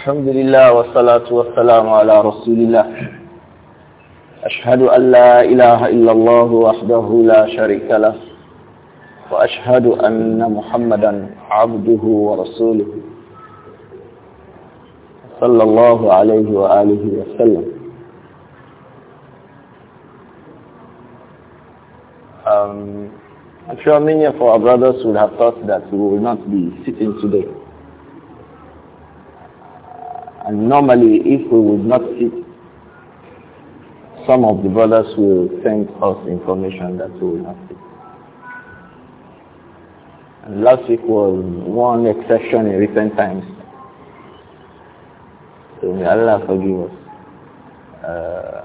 الحمد لله والصلاة والسلام على رسول الله أشهد أن لا إله إلا الله وحده لا شريك له وأشهد أن محمدا عبده ورسوله صلى الله عليه وآله وسلم um, I'm sure many of our brothers would have thought that we will not be sitting today And normally, if we would not sit, some of the brothers will send us information that we will not sit. And last week was one exception in recent times. So may Allah forgive us. Uh,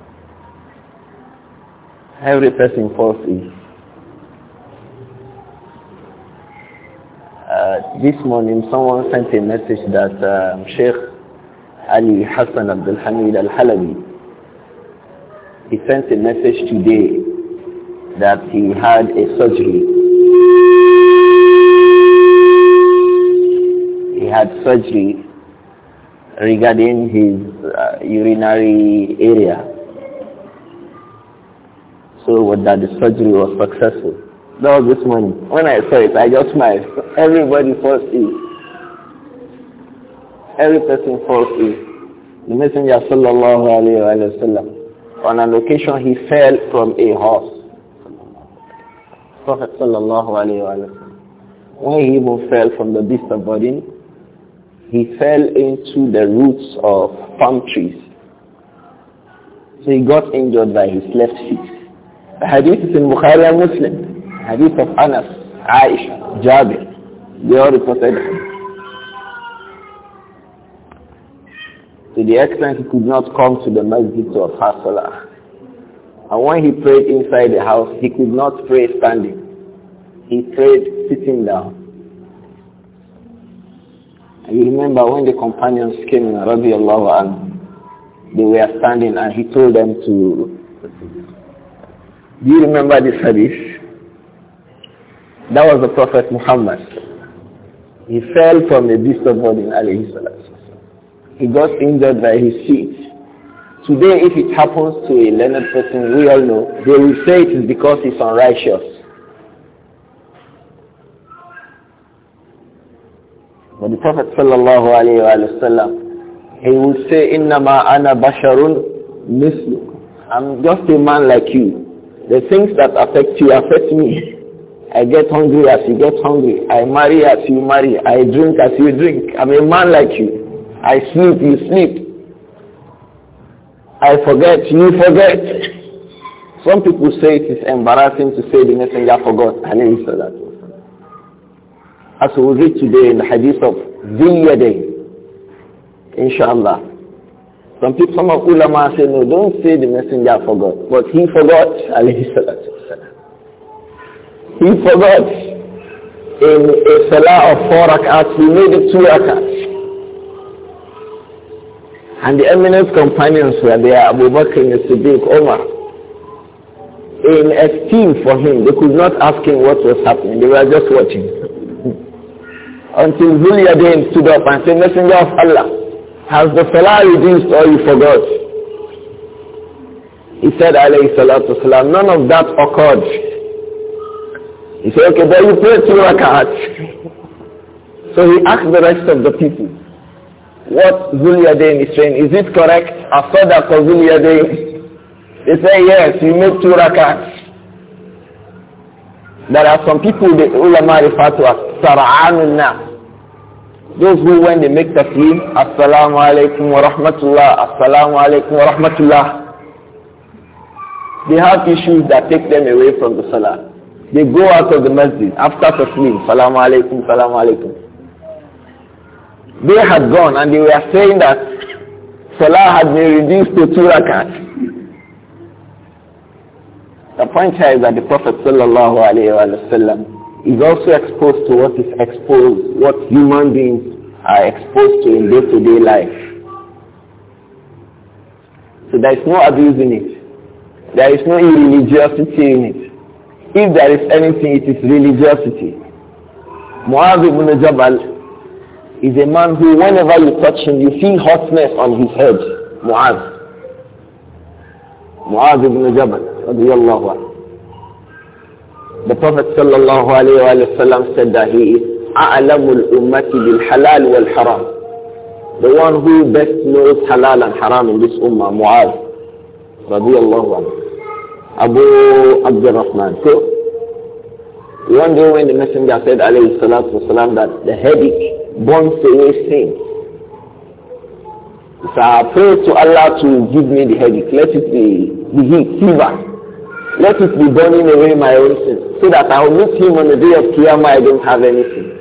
every person falls ill. Uh, this morning someone sent a message that um, Sheikh Ali Hassan Abdul Hamid Al-Halabi. He sent a message today that he had a surgery. He had surgery regarding his uh, urinary area. So that the surgery was successful. That was this morning. When I saw it, I just smiled. Everybody first is every person falls is the Messenger sallallahu alayhi wa sallam. On an occasion he fell from a horse. Prophet sallallahu alayhi wa sallam. When he even fell from the beast of burden, he fell into the roots of palm trees. So he got injured by his left feet. The hadith is in Bukhari and Muslim. The hadith of Anas, Aisha, Jabir. They all reported To the extent he could not come to the masjid to observe salah. And when he prayed inside the house, he could not pray standing. He prayed sitting down. And you remember when the companions came in, radiallahu and they were standing and he told them to... Do you remember this hadith? That was the Prophet Muhammad. He fell from the beast of burden, alayhi salam. He got injured by his feet. Today, if it happens to a learned person, we all know, they will say it is because he's unrighteous. But the Prophet sallallahu alayhi wa sallam, he will say, إِنَّمَا basharun بَشَرٌ مِثْلُكُ I'm just a man like you. The things that affect you affect me. I get hungry as you get hungry. I marry as you marry. I drink as you drink. I'm a man like you. I sleep, you sleep. I forget, you forget. Some people say it is embarrassing to say the messenger forgot. As we read today in the hadith of Ziyadeh, inshallah. Some people, some of ulama say, no, don't say the messenger forgot. But he forgot, alayhi salatu He forgot in a salah of four rakats. he made it two rakats. And the eminent companions were there, Abu Bakr and Siddiq, Omar. In esteem for him, they could not ask him what was happening. They were just watching. Until Zuliyadin stood up and said, Messenger of Allah, has the salah reduced or you forgot? He said, alayhi salatu salam, none of that occurred. He said, okay, but you prayed two rakats." so he asked the rest of the people, what Zul is saying. Is it correct? Asadaq Zul Yadain. They say yes, you make two rakats. There are some people the ulama refer to as sara'anun Those who when they make taslim, assalamu alaikum wa rahmatullah, assalamu alaikum wa rahmatullah. They have issues that take them away from the salah. They go out of the masjid after taslim, Assalamu alaikum, Assalamu alaikum. They had gone and they were saying that Salah had been reduced to two rakat. The point here is that the Prophet sallallahu is also exposed to what is exposed, what human beings are exposed to in day-to-day -day life. So there is no abuse in it. There is no irreligiosity in it. If there is anything, it is religiosity. Muaz ibn Jabal is a man who whenever you touch him, you feel hotness on his head. Mu'az. Mu'az ibn Jabal, radiallahu The Prophet sallallahu alayhi wa sallam said that he is أَعْلَمُ الْأُمَّةِ بِالْحَلَالِ وَالْحَرَامِ The one who best knows halal and haram in this ummah, Mu'az, radiallahu anhu. Abu Abdurrahman. So, one day when the messenger said alayhi salatu wasalam that the headache burns away sin. So I pray to Allah to give me the headache. Let it be the heat, fever. Let it be burning away my own sin. So that I will meet him on the day of Qiyamah, I don't have anything.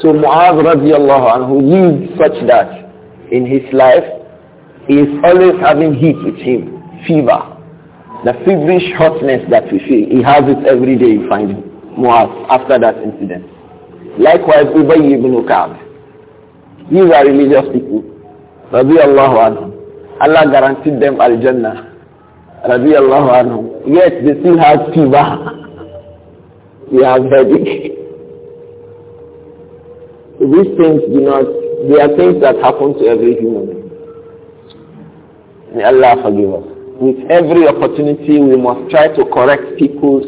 So Mu'adh radiallahu anhu lived such that in his life, he is always having heat with him, fever. The feverish hotness that we feel, he has it every day, you find him. Mu'adh, after that incident. Likewise, Ubay ibn Ka'b. These are religious people. Radiallahu anhum. Allah guaranteed them al-Jannah. Radiallahu anhum. Yet they still have fever. they have headache. These things do not, they are things that happen to every human being. May Allah forgive us. With every opportunity, we must try to correct people's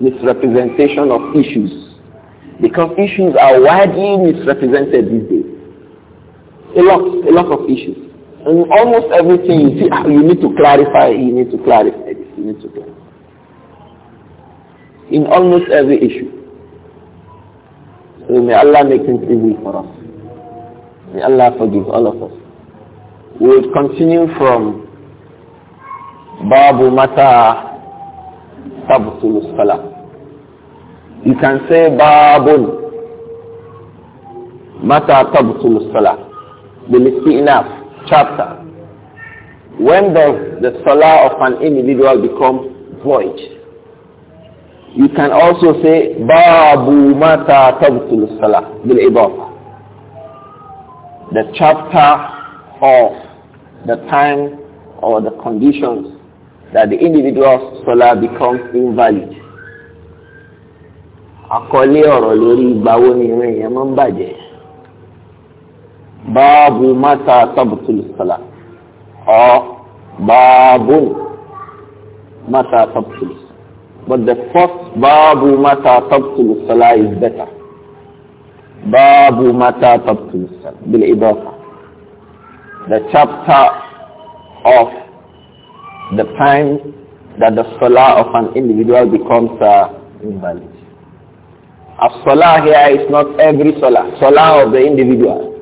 misrepresentation of issues because issues are widely misrepresented these days. A lot, a lot of issues. And almost everything you see, ah, you need to clarify, you need to clarify this, you need to clarify. In almost every issue. So may Allah make things easy for us. May Allah forgive all of us. We will continue from Babu Mata Tabtul Salah. You can say babun. Mata tabtul salah. Bilistinaf. Chapter. When does the salah of an individual become void? You can also say babu mata tabtul salah. Bilibaba. The chapter of the time or the conditions that the individual's salah becomes invalid àkọlé ọ̀rọ̀ lórí ìgbàwo ni ìrìn èèyàn máa ń bàjẹ́ báàbù mata tabtul sala ọ báàbù mata tabtul but the first báàbù mata tabtul sala is better báàbù mata tabtul sala bil idafa the chapter of the time that the salah of an individual becomes uh, invalid as-salah here is not every salah. Salah of the individual.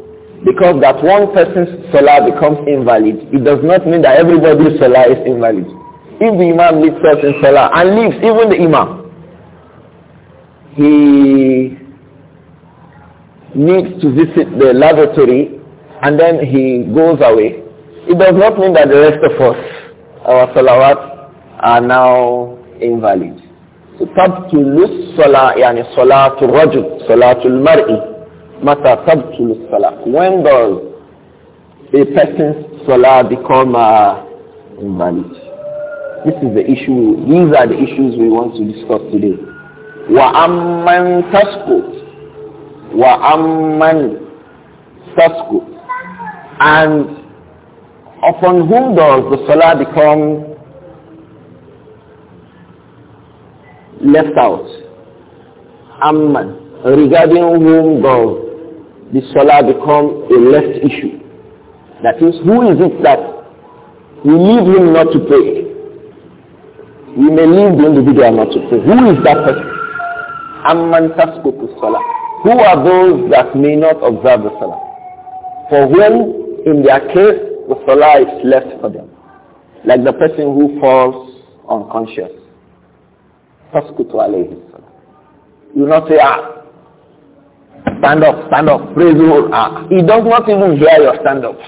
Because that one person's salah becomes invalid, it does not mean that everybody's salah is invalid. If the imam leaves us in salah and leaves even the imam, he needs to visit the lavatory and then he goes away. It does not mean that the rest of us, our salawat, are now invalid. تبطل الصلاة يعني صلاة الرجل صلاة المرء متى تبطل الصلاة when does a person's salah become uh, invalid this is the issue these are the issues we want to discuss today وأمن wa وأمن تسقط and upon whom does the salah become left out. Amman, regarding whom God, the salah become a left issue. That is, who is it that we leave him not to pray? We may leave the individual not to pray. Who is that person? Amman taskutu salah. Who are those that may not observe the salah? For whom, in their case, the salah is left for them. Like the person who falls unconscious تسقط عليه السلام you not say ah stand up stand up praise the Lord ah he does not even hear your stand up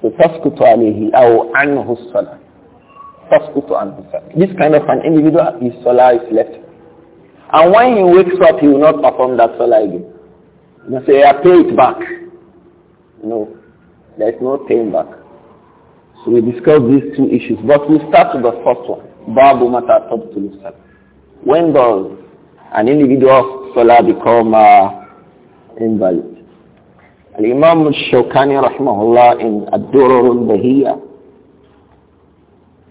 so تسقط عليه أو عنه الصلاة تسقط عنه الصلاة this kind of an individual his salah is left and when he wakes up he will not perform that salah again you say I pay it back no there is no paying back so we discuss these two issues but we start with the first one Babu Mata Tabtul When does an individual salah become uh, invalid? Al-Imam shawkani rahimahullah in Ad-Durur al-Bahiyya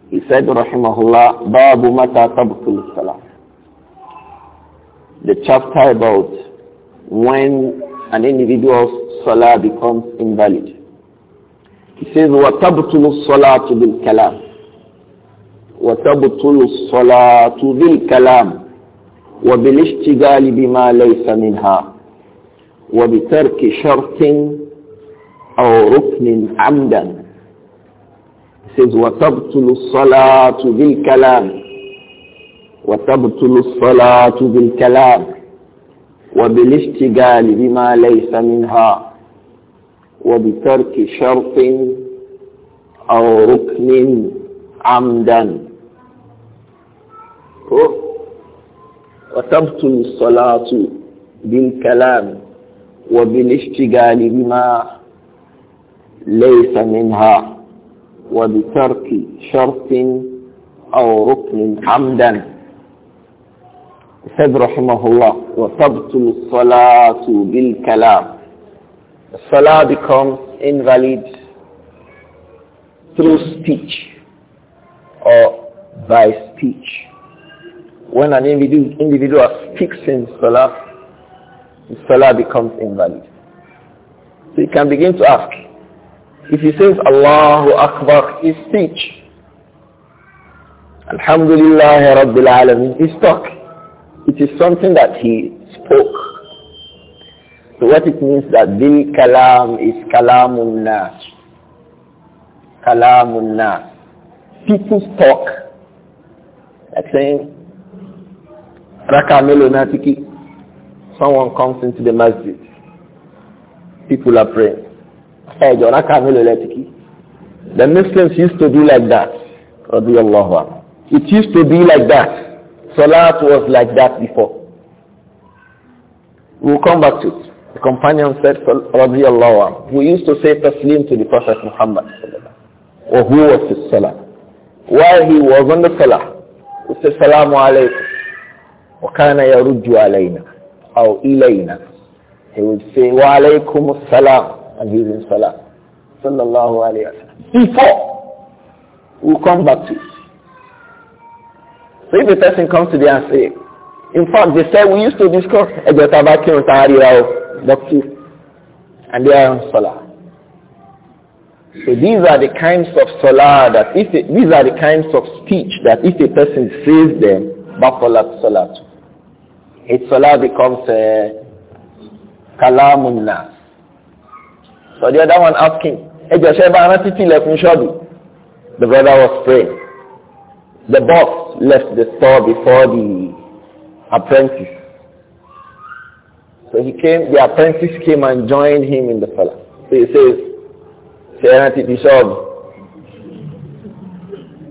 he said rahimahullah Babu Mata Tabtul the chapter about when an individual's salah becomes invalid. He says, وَتَبْتُلُ الصَّلَاةُ بِالْكَلَامِ وتبطل الصلاة بالكلام وبالاشتغال بما ليس منها وبترك شرط أو ركن عمدا says وتبطل الصلاة بالكلام وتبطل الصلاة بالكلام وبالاشتغال بما ليس منها وبترك شرط أو ركن عمدا وتبت الصلاة بالكلام وبالاشتغال بما ليس منها وبترك شرط أو ركن عمدا سيد رحمه الله وتبت الصلاة بالكلام الصلاة becomes invalid through speech or by speech when an individual speaks in salah, salah becomes invalid. So you can begin to ask, if he says Allahu Akbar, his speech, Alhamdulillah Rabbil Alamin, his talk, it is something that he spoke. So what it means that bil kalam is kalamun nas. Kalamun nas. People's talk. Like saying, Raka melonatiki. Someone comes into the masjid. People are praying. Ẹjọ raka melonatiki. The Muslims used to be like that. Radiallahu It used to be like that. Salat was like that before. We'll come back to it. The companion said, Radiallahu anhu, we used to say taslim to the Prophet Muhammad or who was his salah. While he was on the salah, he said, Salaamu alaykum. وَكَانَ يَرُجُّ عَلَيْنَا أو إِلَيْنَا He would say, وَعَلَيْكُمُ السَّلَامُ And he's in salam. Sallallahu alayhi wa Before, we come back to it. So if the person comes to them and say, in fact, they said we used to discuss and they are on Salah. So these are the kinds of salah that if these are the kinds of speech that if a person says them, bafalat salat its salah becomes kalamun nas. So the other one asking, Hey Josheba, I'm not left Shabu. The brother was praying. The boss left the store before the apprentice. So he came, the apprentice came and joined him in the salah. So he says, Serenity Bishop,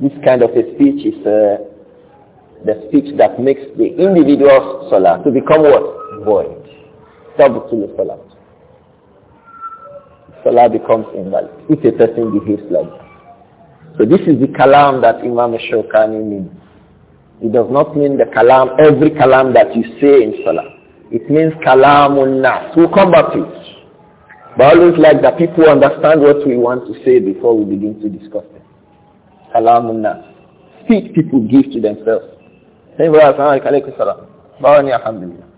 this kind of a speech is uh, the speech that makes the individual salah to become what? Void. Tabtul salah. Salah becomes invalid if a person behaves like that. So this is the kalam that Imam Shawkani means. It does not mean the kalam, every kalam that you say in salah. It means kalamun nas. We'll come back to it. But I always like that people understand what we want to say before we begin to discuss it. Kalamun nas. Speech people give to themselves. Say, brother, assalamu alaikum salam. Bawani alhamdulillah.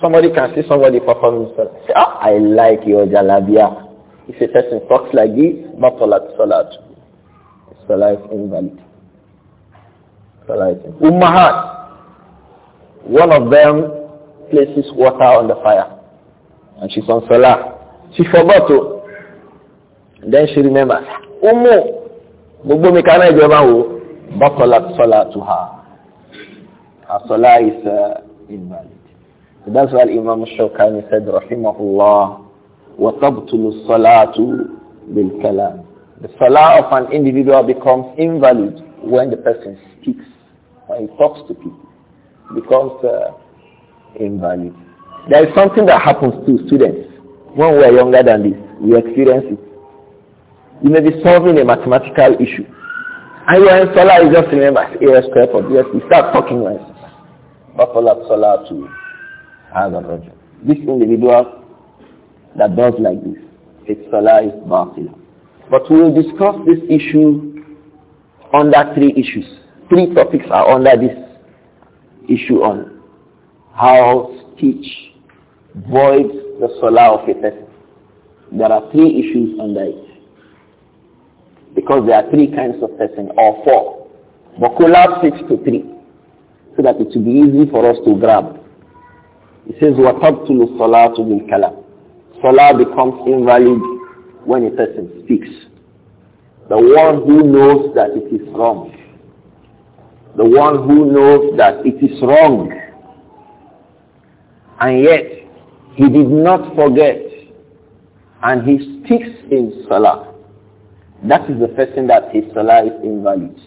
Somebody can see somebody performing salah. Say, ah, I like your jalabia. If a person talks like this, batalat salat. Salah is invalid. Salah is invalid. Ummahat. One of them places water on the fire. And she's on salah. She forgot to. then she remembers. Umu. Gbogbo mikana kan náà ìjọba wo? to her. Our salah is uh, invalid. So that's why Imam Shawkani said, Rahimahullah, وَتَبْتُلُ الصَّلَاةُ بِالْكَلَامِ The salah of an individual becomes invalid when the person speaks, when he talks to people. becomes uh, invalid. There is something that happens to students when we are younger than this. We experience it. You may be solving a mathematical issue. And you are in solar, you just remember, A square for B. You start talking once. بطلت صلاة هذا الرجل This individual that does like this, its salah is batila. But we will discuss this issue under three issues. Three topics are under this issue on how speech voids the salah of a person. There are three issues under it. Because there are three kinds of person, or four. But collapse it to three so that it will be easy for us to grab. He says, وَتَبْتُلُ الصَّلَاةُ بِالْكَلَامِ Salah becomes invalid when a person speaks. The one who knows that it is wrong. The one who knows that it is wrong. And yet, he did not forget. And he speaks in Salah. That is the person that his Salah is invalid.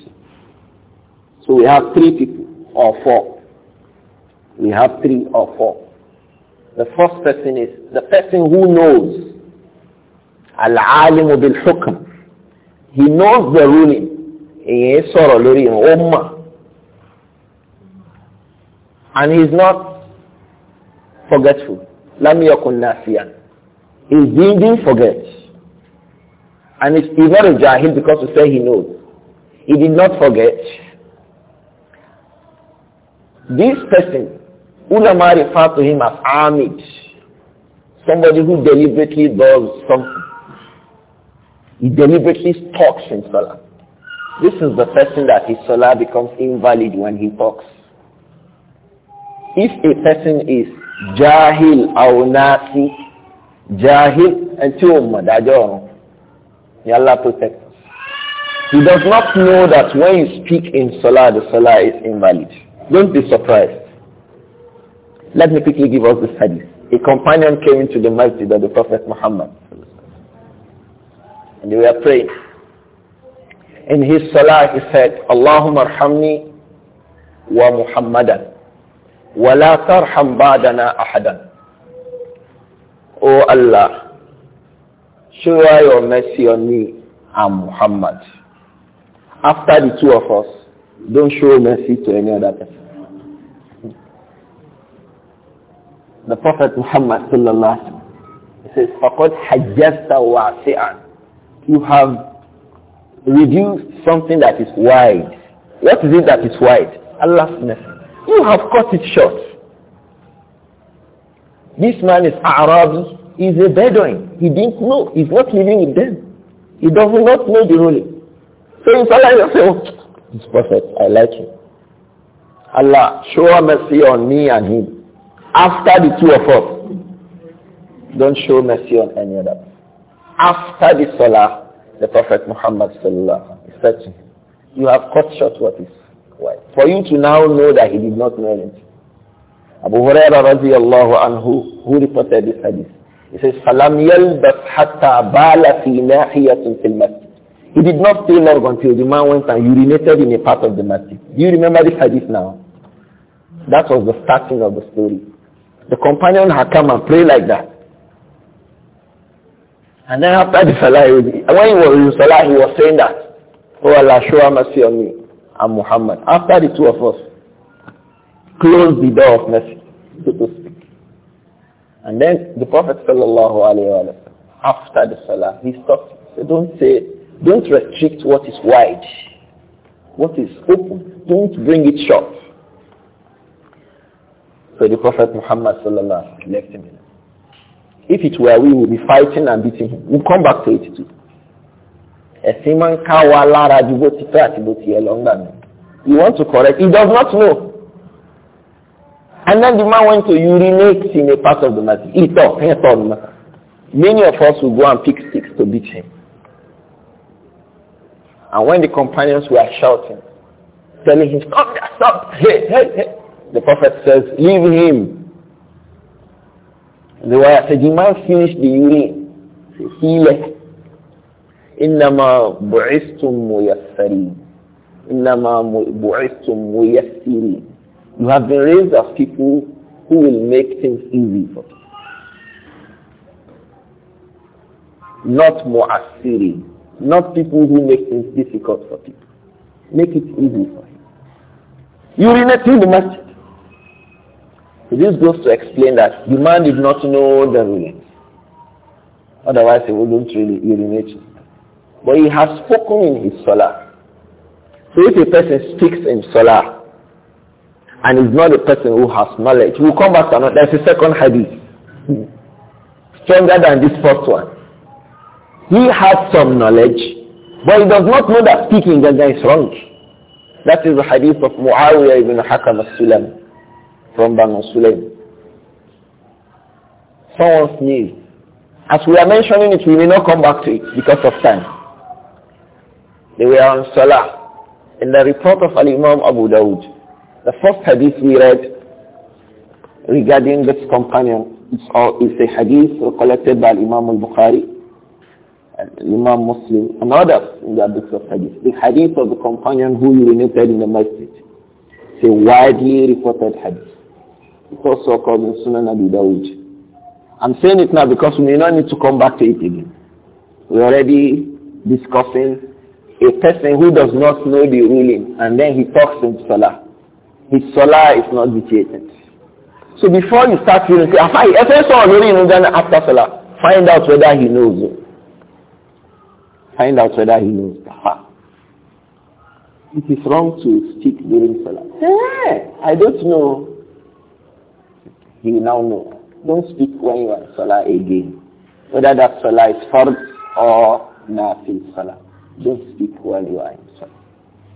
So we have three people or four. We have three or four. The first person is the person who knows. Al-alimu bil-hukm. He knows the ruling. Ìyẹn sọ̀rọ̀ lórí ìhùn And he is not forgetful. Lam yakun nasiyan. He didn't forget. And he's not a jahil because he said he knows. He did not forget. This person, ulama refer to him as amid, somebody who deliberately does something. He deliberately talks in salah. This is the person that his salah becomes invalid when he talks. If a person is jahil Awnati, nasi, jahil and tumadajor, may Allah protect us. He does not know that when you speak in salah, the salah is invalid. Don't be surprised. Let me quickly give us this hadith. A companion came into the masjid of the Prophet Muhammad. And they were praying. In his salah he said, Allahumma arhamni wa Muhammadan. Wa la tarham ba'dana ahadan. O Allah, show your mercy on me and Muhammad. After the two of us, don't show mercy to any other person. The Prophet Muhammad sallallahu alaihi says, "Faqad hajjata wasi'an." You have reduced something that is wide. What is it that is wide? Allah's mercy. You have cut it short. This man is Arabi. He's a Bedouin. He didn't know. He's not living with them. He does not know the ruling. So in Salah you say, this prophet, I like him. Allah, show mercy on me and him. After the two of us, don't show mercy on any other. After the salah, the Prophet Muhammad sallallahu alaihi wasallam you have cut short what is right. For you to now know that he did not know anything. Abu Hurairah radiallahu anhu, who reported this hadith, he says, فَلَمْ يَلْبَثْ حَتَّى بَالَ فِي نَاحِيَةٍ فِي he did not stay long until the man went and urinated in a part of the masjid. Do you remember this hadith now? That was the starting of the story. The companion had come and prayed like that. And then after the salah, he was, when he was in salah, he was saying that, Oh Allah, show mercy on me and Muhammad. After the two of us, closed the door of mercy, so to speak. And then the Prophet sallallahu after the salah, he stopped. He said, don't say don't restrict what is wide. What is open, don't bring it short. So the Prophet Muhammad sallallahu left him. If it were we, would be fighting and beating him. We'll come back to it too. You want to correct, he does not know. And then the man went to urinate in a part of the masjid. He thought, he thought, many of us will go and pick sticks to beat him. And when the companions were shouting, telling him, stop, stop, hey, hey, hey, the Prophet says, leave him. The way said, the man finished the urine. He left. إنما بعثتم ميسرين إنما بعثتم ميسرين You have been raised as people who will make things easy for you. Not mu'assirin. Not people who make things difficult for people. Make it easy for him. You Urinating the masjid. So this goes to explain that the man did not know the rulings. Otherwise he wouldn't really urinate. But he has spoken in his salah. So if a person speaks in salah and is not a person who has knowledge, we'll come back to another. There's a second hadith. Stronger than this first one. He has some knowledge, but he does not know that speaking Ganga is wrong. That is the hadith of Muawiyah ibn Hakam al-Sulam from Banu Sulaim. Someone sneezed. As we are mentioning it, we may not come back to it because of time. They were on Salah. In the report of Al-Imam Abu Dawud, the first hadith we read regarding this companion is, a hadith collected by Imam al-Bukhari and Imam Muslim, and others in their books of hadith. The hadith of the companion who urinated in the masjid. It's a widely reported hadith. It's also called in Sunan Abi Dawud. I'm saying it now because we may not need to come back to it again. We're already discussing a person who does not know the ruling and then he talks in Salah. His Salah is not vitiated. So before you start feeling, say, I find, after Salah, find out whether he knows it. Find out whether he knows Taha. It is wrong to speak during Salah. Eh, I don't know. He now know. Don't speak when you are Salah again. Whether that Salah is Fard or Nafil Salah. Don't speak while you are in Salah.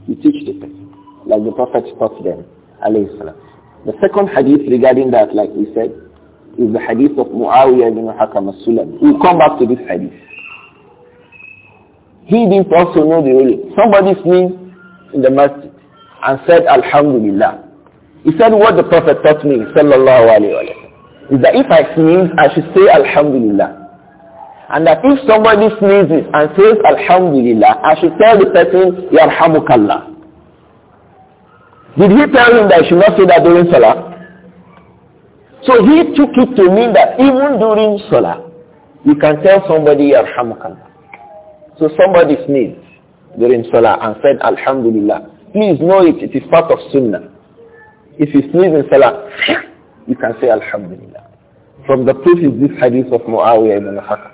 You teach the person, like the Prophet taught them. The second hadith regarding that, like we said, is the hadith of Muawiyah ibn Hakam al-Sulam. We'll come back to this hadith. He didn't also know the holy. Somebody sneezed in the masjid and said, Alhamdulillah. He said, what the Prophet taught me, sallallahu alayhi wa sallam, is that if I sneeze, I should say Alhamdulillah. And that if somebody sneezes and says Alhamdulillah, I should tell the person, Yarhamukallah. Did he tell him that he should not say that during Salah? So he took it to mean that even during Salah, you can tell somebody Yarhamukallah. So somebody sneezed during Salah and said, Alhamdulillah. Please know it, it is part of Sunnah. If you sneeze in Salah, you can say Alhamdulillah. From the proof is this hadith of Muawiyah ibn al-Hakam.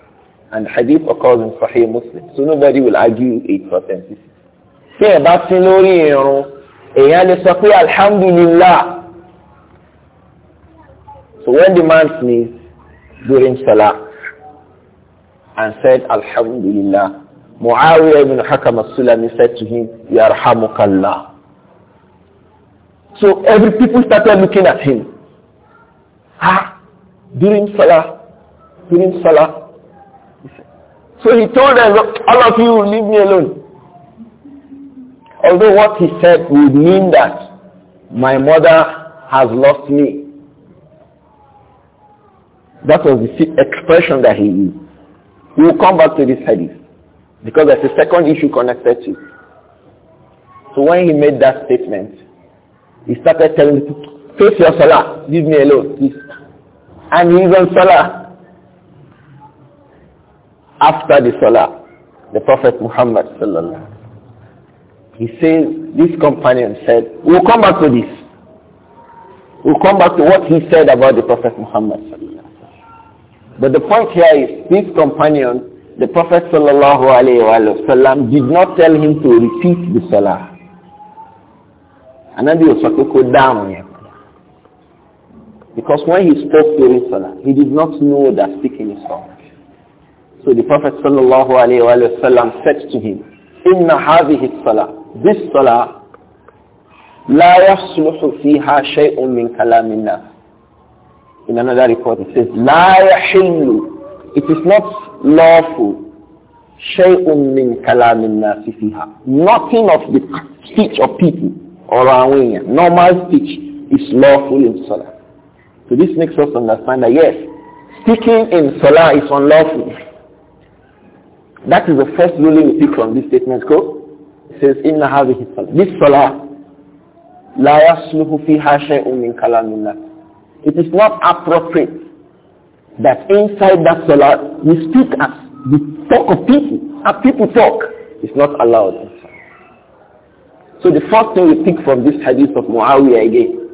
And hadith occurs in Sahih Muslim. So nobody will argue its authenticity. Yeah, ẹ bá ti lórí irun, èèyàn Alhamdulillah. So when the man sneezed during Salah and said Alhamdulillah, Muawiya ibn Hakam al-Sulami said to him, Yarhamukallah. So every people started looking at him. Ah, during Salah, during Salah. So he told them, all of you leave me alone. Although what he said would mean that my mother has lost me. That was the expression that he used. We will come back to this hadith. Because there's a second issue connected to it. So when he made that statement, he started telling people, face your salah, leave me alone, please. And he's salah. After the salah, the Prophet Muhammad sallallahu he says, this companion said, we'll come back to this. We'll come back to what he said about the Prophet Muhammad But the point here is, this companion the Prophet sallallahu did not tell him to repeat the salah. Anabi Osakoko down Because when he spoke during salah, he did not know that speaking is wrong. So the Prophet sallallahu alayhi said to him, "Inna هَذِهِ salah This salah, لَا يَصْلُحُ فِيهَا شَيْءٌ مِّن كَلَامِ النَّاسِ In another report it says, لَا يَحِلُّ It is not lawful shay'un min kalamin nasi Nothing of the speech of people or awanya, normal speech is lawful in salah. So this makes us understand that yes, speaking in salah is unlawful. That is the first ruling we pick from this statement. Go. It says, Inna hadhihi salah. This salah, la yasluhu fiha shay'un min kalamin It is not appropriate that inside that solar, we speak as we talk of people, as people talk, is not allowed. So the first thing we pick from this hadith of Muawiyah again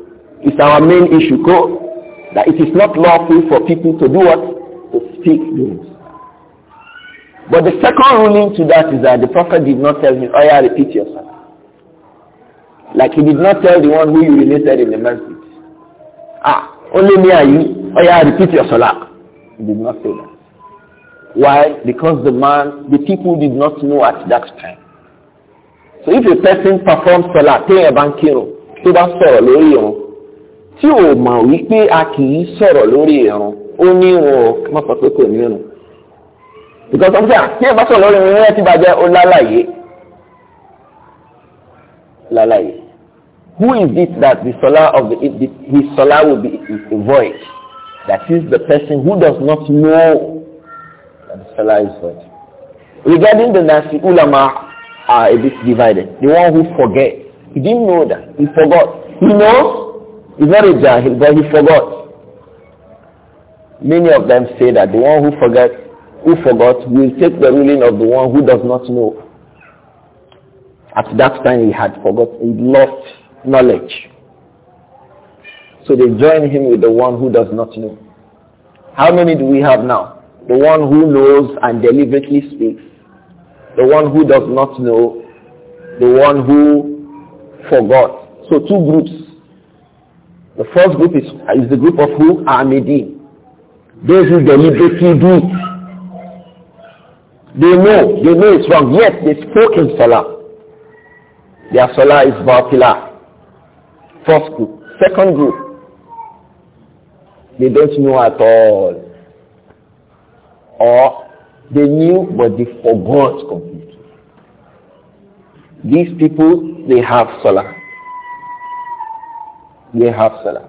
is our main issue, go, that it is not lawful for people to do what? To speak dreams. But the second ruling to that is that the Prophet did not tell him, oh yeah, repeat yourself. Like he did not tell the one who you related in the masjid. Ah, only me are you. Oh yeah, repeat your salah. did not say that. Why? Because the man, the people did not know at that time. So if a person performs Salah, pay a bankero, to bá sọ̀rọ̀ lórí irun, tí o mọ̀ wípé a kì í sọ̀rọ̀ lórí irun, ó ní irun má sọ pé kò ní irun. Because of that, tí ẹ bá sọ̀rọ̀ lórí irun rẹ̀ ti bàjẹ́, ó lálàyé. Lálàyé. Who is it that the Salah of the, the, his Salah will be void? That is the person who does not know that the is Regarding the Nasi ulama are a bit divided. The one who forgets, he didn't know that. He forgot. He knows. He's not a jahil, but he forgot. Many of them say that the one who forget, who forgot, will take the ruling of the one who does not know. At that time he had forgot, he lost knowledge. So they join him with the one who does not know. How many do we have now? The one who knows and deliberately speaks. The one who does not know. The one who forgot. So two groups. The first group is, is the group of who? medin. Those who deliberately do. They know. They know it's wrong. Yet they spoke in Salah. Their Salah is Batila. First group. Second group they don't know at all. Or they knew but they forgot completely. These people, they have salah. They have salah.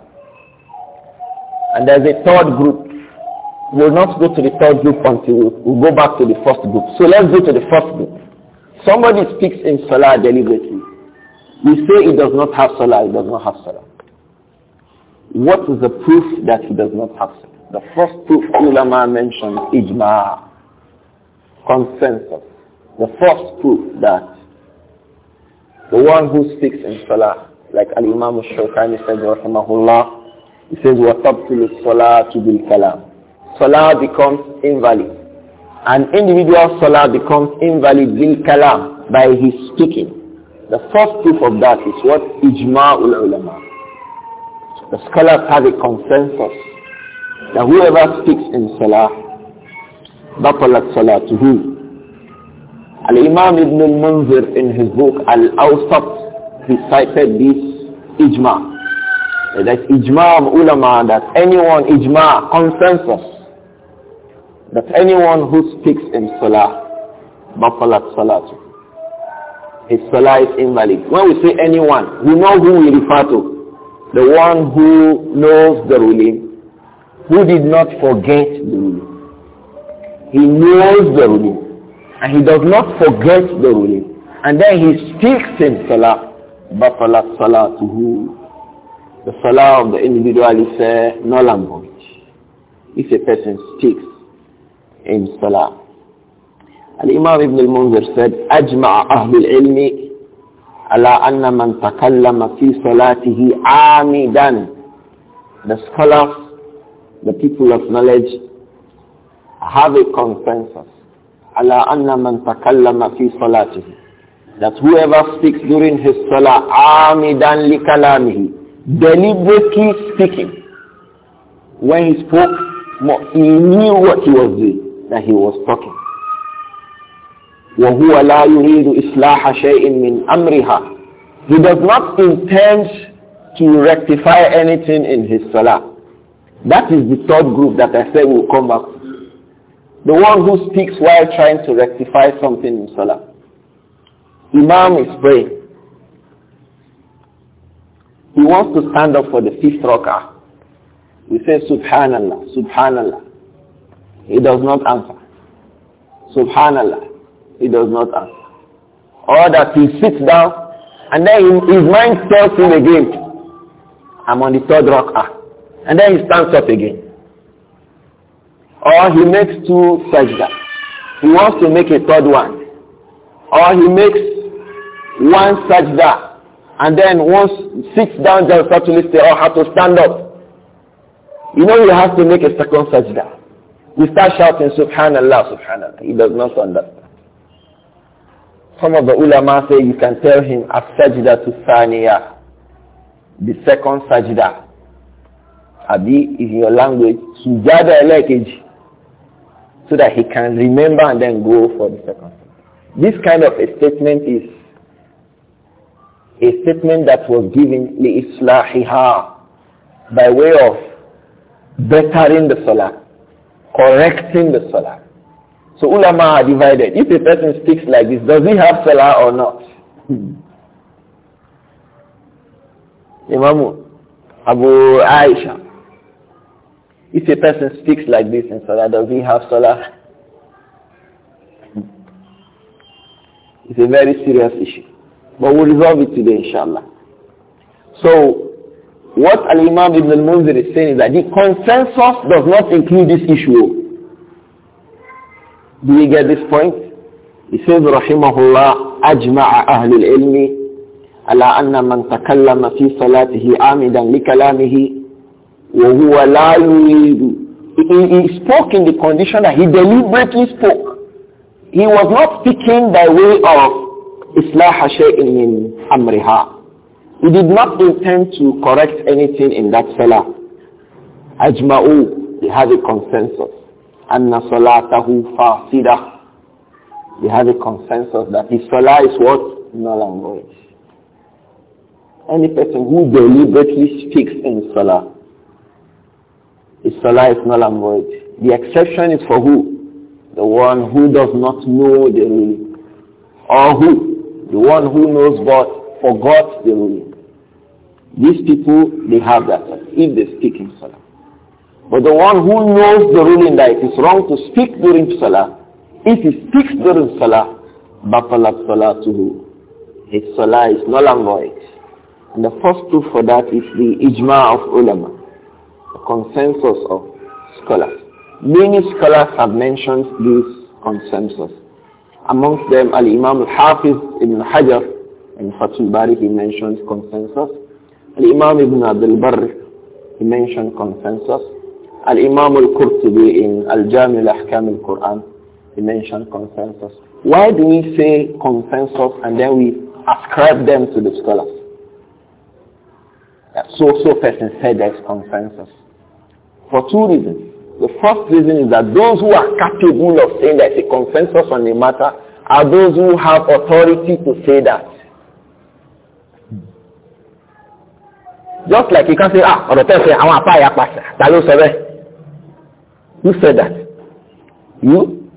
And there's a third group. We'll not go to the third group until we we'll go back to the first group. So let's go to the first group. Somebody speaks in salah deliberately. We say it does not have salah, it does not have salah. What is the proof that he does not have sin? The first proof ulama mentioned, ijma, consensus. The first proof that the one who speaks in salah, like Al-Imam al-Shawkani said, rahimahullah, he says, وَتَبْتُلُ الصَّلَاةُ بِالْكَلَامِ Salah becomes invalid. An individual salah becomes invalid bil-kalam, by his speaking. The first proof of that is what? Ijma ul-ulama. The scholars have a consensus that whoever speaks in Salah, salah to whom. Al-Imam Ibn al-Munzir in his book Al-Awsat recited this ijma. That ijma of ulama, that anyone, ijma, consensus, that anyone who speaks in Salah, salah to his Salah is invalid. When we say anyone, we know who we refer to the one who knows the ruling, who did not forget the ruling. He knows the ruling, and he does not forget the ruling. And then he speaks in salah, to whom The salah of the individual is uh, null and void. If a person speaks in salah. And Imam Ibn al-Munzir said, أَجْمَعَ أَهْلُ الْعِلْمِ ala anna man takallama fi salatihi amidan. The scholars, the people of knowledge, have a consensus. Ala anna man takallama fi salatihi. That whoever speaks during his salah, amidan li kalamihi, deliberately speaking. When he spoke, he knew what he was doing, that he was talking. وَهُوَ لَا يُرِيدُ إِصْلَاحَ شَيْءٍ مِّنْ أَمْرِهَا He does not intend to rectify anything in his salah. That is the third group that I said will come back. The one who speaks while trying to rectify something in salah. Imam is praying. He wants to stand up for the fifth rak'ah. He says, Subhanallah, Subhanallah. He does not answer. Subhanallah he does not ask. Or that he sits down and then his mind tells him again, I'm on the third Ah, And then he stands up again. Or he makes two sajda. He wants to make a third one. Or he makes one sajda and then once sits down then suddenly say, or have to stand up. You know he has to make a second sajda. We start shouting, Subhanallah, Subhanallah. He does not stand up. Some of the ulama say you can tell him a sajda to thaniya, the second sajda. Abi is in your language, sujada elekeji, so that he can remember and then go for the second. This kind of a statement is a statement that was given li-islahiha by way of bettering the salah, correcting the salah. So ulama are divided. If a person speaks like this, does he have salah or not? Imam Abu Aisha. If a person speaks like this in salah, does he have salah? It's a very serious issue. But we'll resolve it today, inshallah. So, what Al-Imam Ibn al-Munzir is saying is that the consensus does not include this issue. Do you get this point? He says, Rahimahullah, أجمع أهل العلم على أن من تكلم في صلاته عامدا لكلامه وهو لا يريد he, he spoke in the condition that he deliberately spoke. He was not speaking by way of إصلاح شيء من أمرها. He did not intend to correct anything in that salah. أجمعوا, he had a consensus. And salatahu fasida. They have a consensus that his salah is what? Null and void. Any person who deliberately speaks in salah, his salah is null and void. The exception is for who? The one who does not know the ruling. Or who? The one who knows but forgot the ruling. These people, they have that if they speak in salah. But the one who knows the ruling that it is wrong to speak during salah, if he speaks during salah, bapalat who? His salah is null and void. And the first proof for that is the ijma of ulama, the consensus of scholars. Many scholars have mentioned this consensus. Amongst them, Al-Imam Al-Hafiz Ibn Hajar in Fatul Bari, he mentioned consensus. Al-Imam Ibn Abdul Barr, he mentioned consensus. Al-Imam al-Qurtubi in Al-Jami al-Ahkam al-Quran, he mentioned consensus. Why do we say consensus and then we ascribe them to the scholars? So-so person said there's consensus. For two reasons. The first reason is that those who are capable of saying there's a consensus on a matter are those who have authority to say that. Just like you can say, ah, ọ̀rọ̀ tẹ́ sẹ́, I want to pàṣẹ, a ló who said that? You?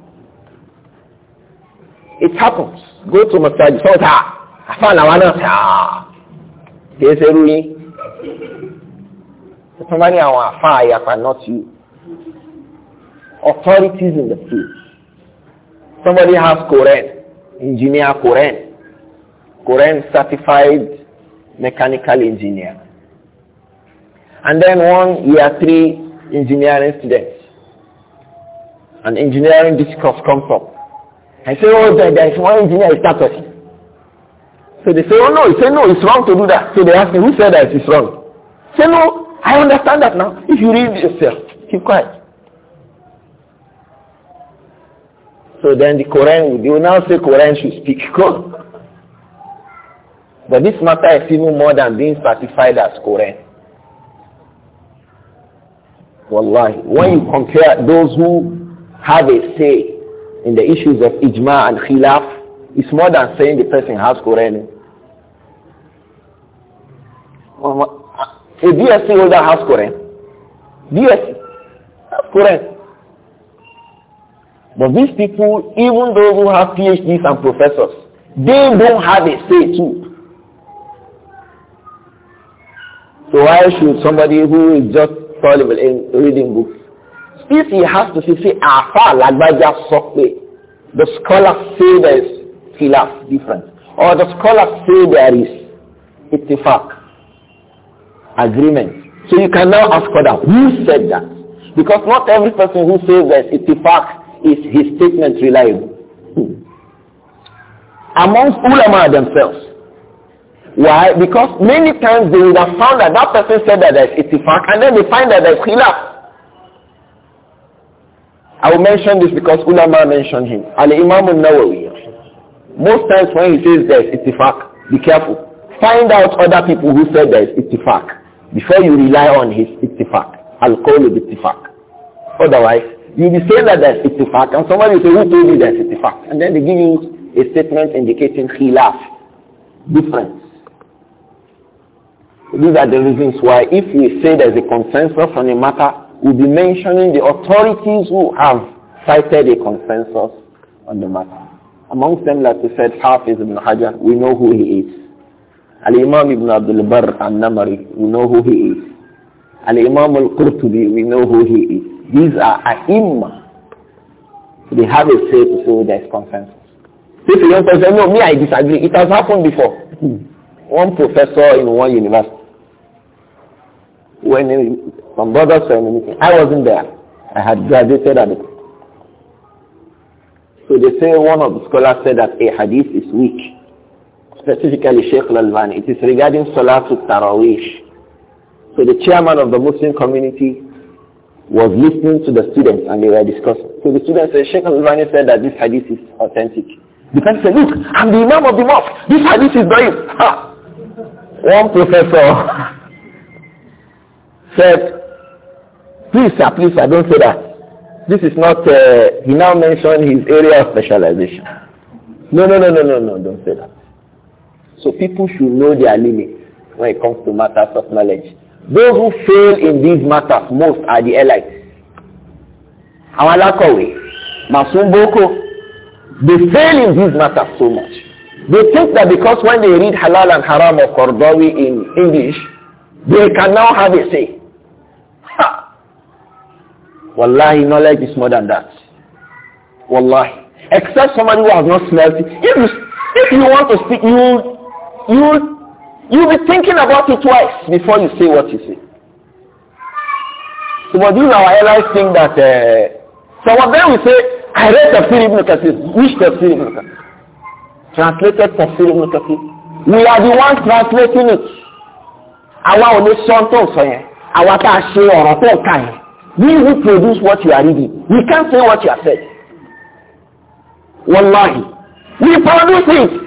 It happens. Go to Masjid. So, I found one. Ah. There's a ruin. Somebody our fire, but not you. Authorities in the field. Somebody has Koren, engineer Koren. Koren certified mechanical engineer. And then one year three engineering student an engineering discourse come from. I say, oh, there, there is one engineer is started. So they say, oh no, he say no, it's wrong to do that. So they ask me, who said that it's wrong? Say no, I understand that now. If you read yourself, keep quiet. So then the Quran, will now say Quran should speak. Go. But this matter is even more than being certified as Quran. Wallahi, when you compare those who have a say in the issues of ijma and khilaf is more than saying the person has Quran. A DSC holder has Quran. DSC has Quran. But these people, even those who have PhDs and professors, they don't have a say too. So why should somebody who is just soluble in reading books if he has to say, say afa lagbaja sọ pé the scholars say there is khilaf difference or the scholars say there is ittifaq agreement. So you can now ask for Who said that? Because not every person who says that ittifaq is his statement reliable. Hmm. Amongst ulama themselves. Why? Because many times they would have found that that person said that there's ittifaq and then they find that there's khilaf. I will mention this because ulama mentioned him. Al Imam al-Nawawi. Most times when he says it's a fact, be careful. Find out other people who said a fact before you rely on his ittifaq. Al-Qawl fact. Otherwise, you'll be saying that there's fact, and somebody will say, who told you a fact, And then they give you a statement indicating khilaf, difference. These are the reasons why if we say there's a consensus on a matter, will be mentioning the authorities who have cited a consensus on the matter. Amongst them, like we said, Hafiz ibn Hajar, we know who he is. Al-Imam ibn Abdul Barr al-Namari, we know who he is. Al-Imam al-Qurtubi, we know who he is. These are ai They have a say to say there is consensus. People don't say, no, me I disagree. It has happened before. Hmm. one professor in one university when in, some brothers were in the meeting. I wasn't there. I had graduated at it. So they say one of the scholars said that a hadith is weak. Specifically Sheikh Lalvani. It is regarding Salatul Tarawish. So the chairman of the Muslim community was listening to the students and they were discussing. So the students said, Sheikh Al-Albani said that this hadith is authentic. Because he said, look, I'm the imam of the mosque. This hadith is brave. One professor said, please, sir, please, I don't say that. This is not, uh, he now mentioned his area of specialization. No, no, no, no, no, no, don't say that. So people should know their limits when it comes to matters of knowledge. Those who fail in these matters most are the elites. Our alákọ̀wé, Màsún they fail in these matters so much. They think that because when they read halal and haram of Cordovi in English, they can now have a say. Wallahi, knowledge is more than that. Wallahi. Except somebody who has not smelt it. If you, if you want to speak, you, you, you be thinking about it twice before you say what you say. So, but these our allies think that, uh, so what then we say, I read Tafsir Ibn Kathir. Which the film Kathir? Translated Tafsir Ibn Kathir. We are the ones translating it. Àwa ò ní sọ́ńtò sọ yẹn. Àwa tá a ṣe ọ̀rọ̀ tó kà yẹn. We who produce what you are reading, we can't say what you have said. Wallahi. We produce it.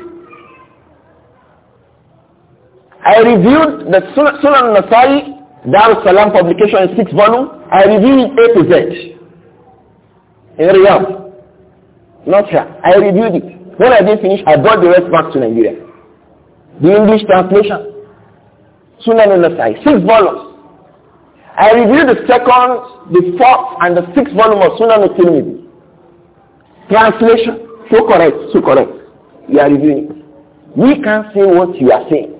I reviewed the Sunan Nasai Dar Salam publication in six volume. I reviewed it A to Z. In Riyadh. Not here. I reviewed it. When I did finish, I brought the rest back to Nigeria. The English translation. Sunan Nasai. Six volumes. I reviewed the second, the fourth, and the sixth volume of Sunan al-Tirmidhi. Translation, so correct, so correct. You are reviewing it. We can't say what you are saying.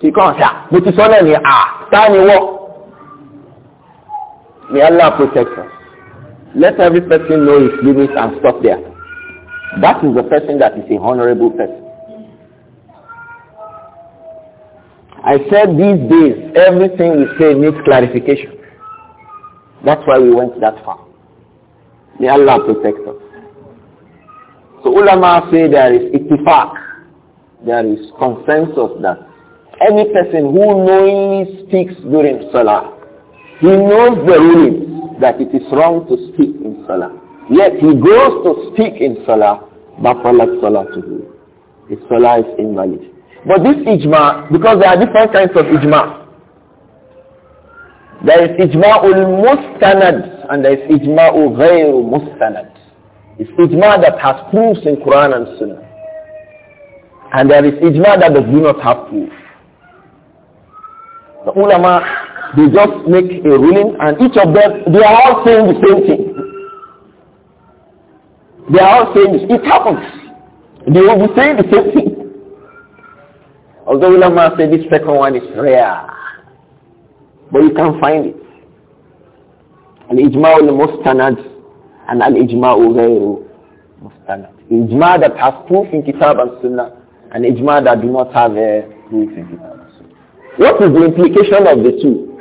He comes here, but it's only ah, time you walk. May Allah protect us. Let every person know his limits and stop there. That is the person that is a honorable person. I said these days, everything we say needs clarification. That's why we went that far. May Allah protect us. So ulama say there is ittifaq. There is consensus that any person who knowingly speaks during salah, he knows the ruling that it is wrong to speak in salah. Yet he goes to speak in salah, but salah to him. His salah is invalid. But this ijma, because there are different kinds of ijma. There is ijma ul mustanad and there is ijma ul ghayr mustanad. It's ijma that has proofs in Quran and Sunnah. And there is ijma that does not have proofs. The ulama, they just make a ruling and each of them, they are all saying the same thing. They are all saying this. It happens. They will be saying the same thing. Although ulama say this second one is rare, but you can find it. Al-Ijma'u al-Mustanad and Al-Ijma'u ghayru Mustanad. Ijma that has proof in Kitab and Sunnah and Ijma that do not have a uh, proof in Kitab and Sunnah. What is the implication of the two?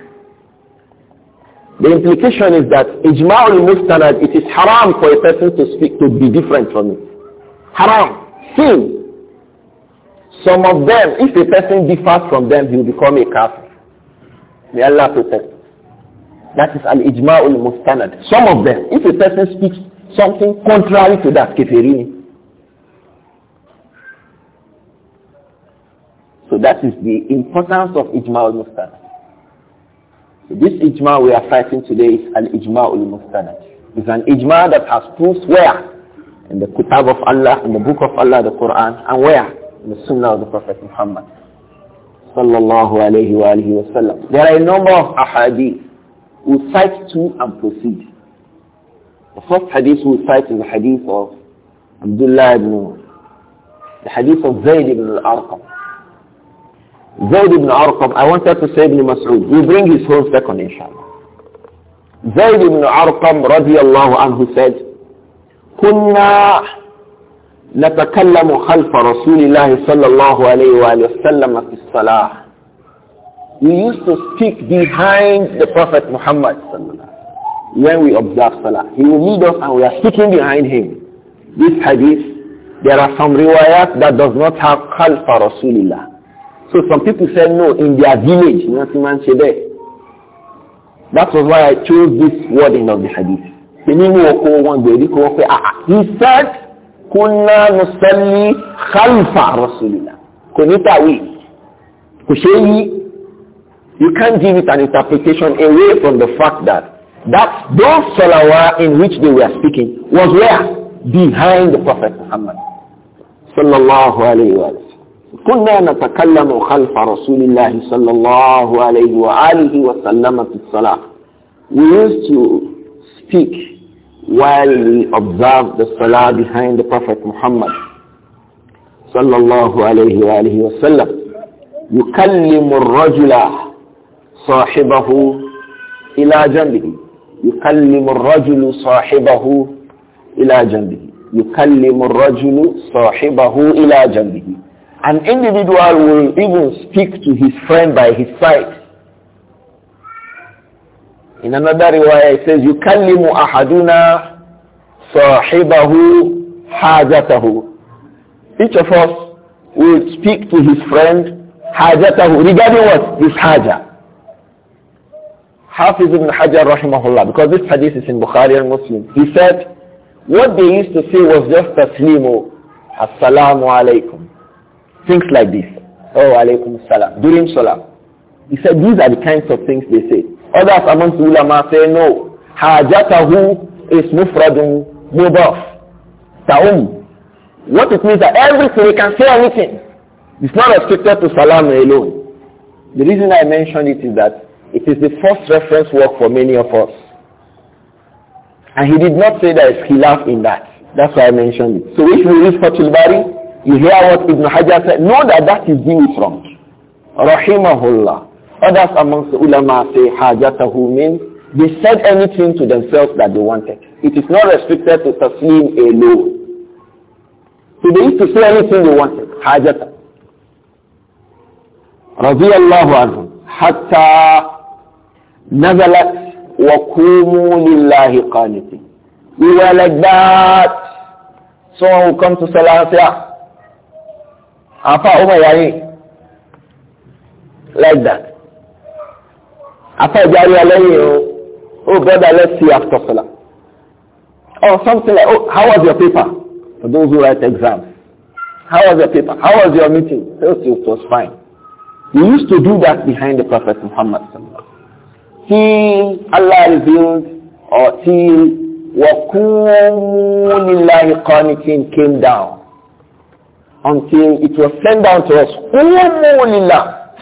The implication is that Ijma' al-Mustanad, it is haram for a person to speak, to be different from it. Haram. Sin. Some of them, if a person differs from them, he will become a kafir. May Allah protect. That is al-ijma'ul mustanad. Some of them, if a person speaks something contrary to that, kafirini. So that is the importance of ijma'ul mustanad. So this ijma we are fighting today is al-ijma'ul mustanad. It's an ijma that has proofs where? In the kitab of Allah, in the book of Allah, the Quran, and where? the Sunnah of the Prophet Muhammad. Sallallahu alayhi wa alayhi wa There are a number of ahadith. who cite two and proceed. The first hadith we cite is the hadith of Abdullah ibn the hadith of Zayd ibn al-Arqam. Zayd ibn Arqam, I wanted to say ibn Mas'ud. We bring his whole second inshallah. Zayd ibn Arqam radiallahu anhu said, كنا نتكلم خلف رسول الله صلى الله عليه وآله وسلم في الصلاة We used to speak behind the Prophet Muhammad when we observe Salah. He will lead us and we are speaking behind him. This hadith, there are some riwayat that does not have khalfa Rasulillah. So some people said no, in their village, that was why I chose this wording of the hadith. Ah, ah. He said, كنا نصلي خلف رسول الله كنت كشيء you can't give it an interpretation away from the fact that that those salawah in which they were speaking was where behind the prophet Muhammad صلى الله عليه وآله كنا نتكلم خلف رسول الله صلى الله عليه وآله وسلم في الصلاة we used to speak while we observe the salah behind the Prophet Muhammad sallallahu alayhi wa alayhi wa sallam yukallimu rajula sahibahu ila jambihi yukallimu rajulu sahibahu ila jambihi yukallimu rajulu sahibahu ila jambihi an individual will even speak to his friend by his side in another riwayah it says, يُكَلِّمُ أَحَدُنَا sahibahu حَاجَتَهُ Each of us will speak to his friend حَاجَتَهُ regarding what? His haja. Hafiz ibn Hajar rahimahullah because this hadith is in Bukhari and Muslim. He said, what they used to say was just taslimu, assalamu Things like this. Oh, alaykum salam. During salah." He said, these are the kinds of things they say. Others amongst ulama say no. Hajatahu is mufradun mudaf Ta'um. What it means that everything, we can say anything. It's not restricted to salam alone. The reason I mentioned it is that it is the first reference work for many of us. And he did not say he khilaf in that. That's why I mentioned it. So if you read Fatul Bari, you hear what Ibn Hajar said. Know that that is being from Rahimahullah. Others amongst the ulama say hajatahu means they said anything to themselves that they wanted. It is not restricted to taslim alone. So they used to say anything they wanted. Hajata. رضي الله Hatta حتى نزلت وقوموا لله قانتين. We were like that So will come to Salah and say, ah, Like that. afẹ́jọ́ ayé ọlẹ́yìn o oh brother let's see after salah or oh, something like oh how was your paper for those who write exams how was your paper how was your meeting yes it was fine we used to do that behind the prophet muhammad till allah revealed or till wakumu lillahi came down until it was sent down to us.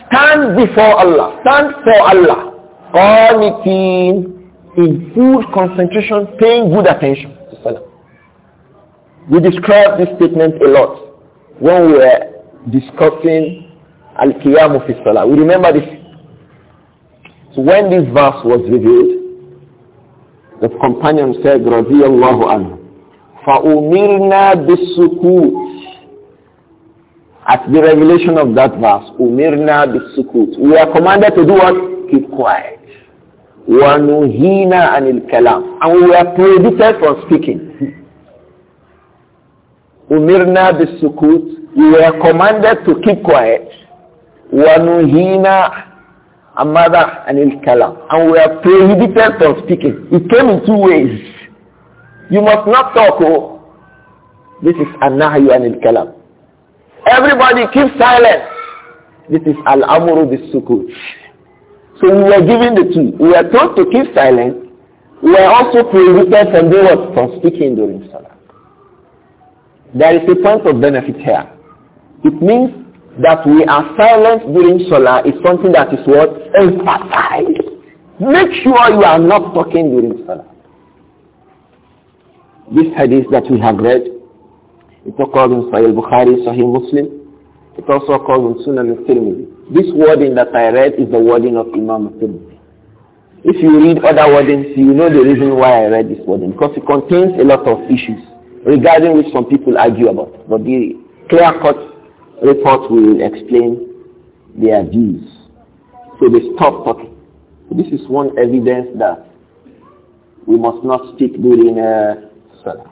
Stand before Allah. Stand for Allah. qanitin in full concentration, paying good attention to Salah. We described this statement a lot when we were discussing Al-Qiyamu fi Salah. We remember this. So when this verse was revealed, the companion said, radiyallahu anhu, فَأُمِرْنَا بِالسُّكُوتِ At the revelation of that verse, أُمِرْنَا بِالسُّكُوتِ We are commanded to do what? Keep quiet. And we are prohibited from speaking. Umirna بِالسُّكُوتِ We are commanded to keep quiet. amada anil kalam and we are prohibited from speaking it came in two ways you must not talk oh this is anahyu anil kalam everybody keep silent this is al amru bis so we were given the two. We were told to keep silent. We were also prohibited from doing what? From speaking during Salah. There is a point of benefit here. It means that we are silent during Salah is something that is what? Emphasized. Make sure you are not talking during Salah. This hadith that we have read, it occurs in Sahih Bukhari, Sahih Muslim. It also occurs in Sunan al-Tirmidhi. This wording that I read is the wording of Imam Tirmidhi. If you read other wordings, you know the reason why I read this wording, because it contains a lot of issues regarding which some people argue about. But the clear-cut report will explain their views. So they stop talking. this is one evidence that we must not speak during a uh, Salah.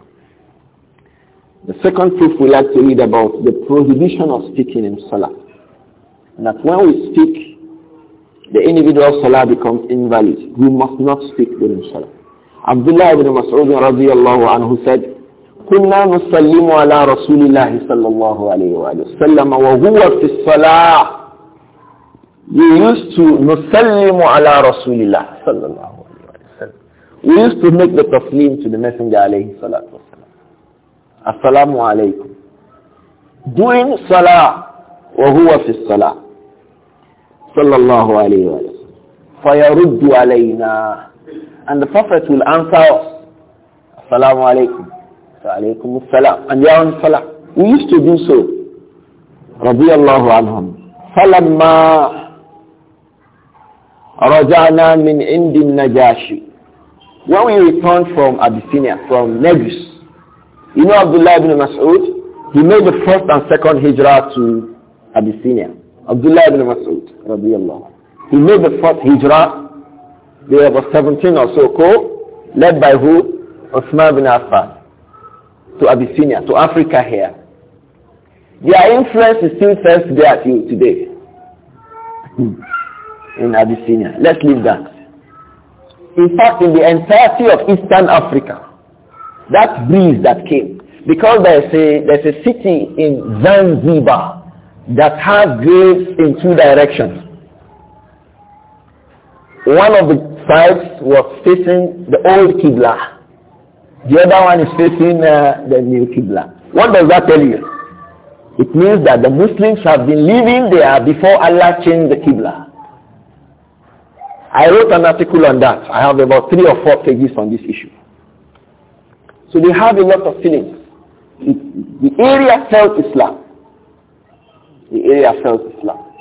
The second proof we like to read about the prohibition of speaking in Salah that when we speak, the individual salah becomes invalid. We must not speak during salah. Abdullah ibn Mas'ud radiallahu anhu said, كنا نسلم على رسول الله صلى الله عليه وآله وسلم وهو في الصلاة We used to نسلم على رسول الله صلى الله عليه وسلم We used to make the taslim to the Messenger عليه الصلاة والسلام السلام عليكم Doing salah وهو في الصلاة sallallahu alayhi wa فَيَرُدُّ عَلَيْنَا And the Prophet will answer us, Assalamu alaikum, wa alaikum and ya salam. We used to do so, رضي الله عنهم. فَلَمَّا رَجَعْنَا مِنْ عِنْدِ النَّجَاشِ When we returned from Abyssinia, from Negus, you know Abdullah ibn Mas'ud, he made the first and second hijrah to Abyssinia. Abdullah ibn Mas'ud radiallahu He made the first hijrah. There were 17 or so co, led by who? Osman bin Affan to Abyssinia, to Africa here. Their influence is still felt there till today hmm. in Abyssinia. Let's leave that. In fact, in the entirety of Eastern Africa, that breeze that came, because there's a, there's a city in Zanzibar that has graves in two directions. One of the sides was facing the old Qibla. The other one is facing uh, the new Qibla. What does that tell you? It means that the Muslims have been living there before Allah changed the Qibla. I wrote an article on that. I have about three or four pages on this issue. So they have a lot of feelings. the area felt Islam the area felt Islam.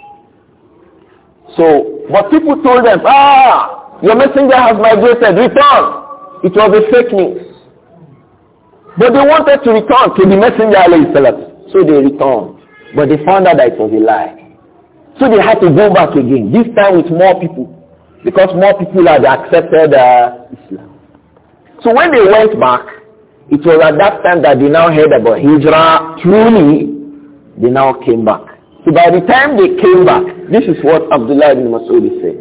So, but people told them, ah, your messenger has migrated, return. It was a fake news. But they wanted to return to the messenger, alayhi So they returned. But they found out that it was a lie. So they had to go back again, this time with more people. Because more people had accepted uh, Islam. So when they went back, it was at that time that they now heard about Hijrah. Truly, they now came back. So by the time they came back, this is what Abdullah ibn Mas'ud is saying.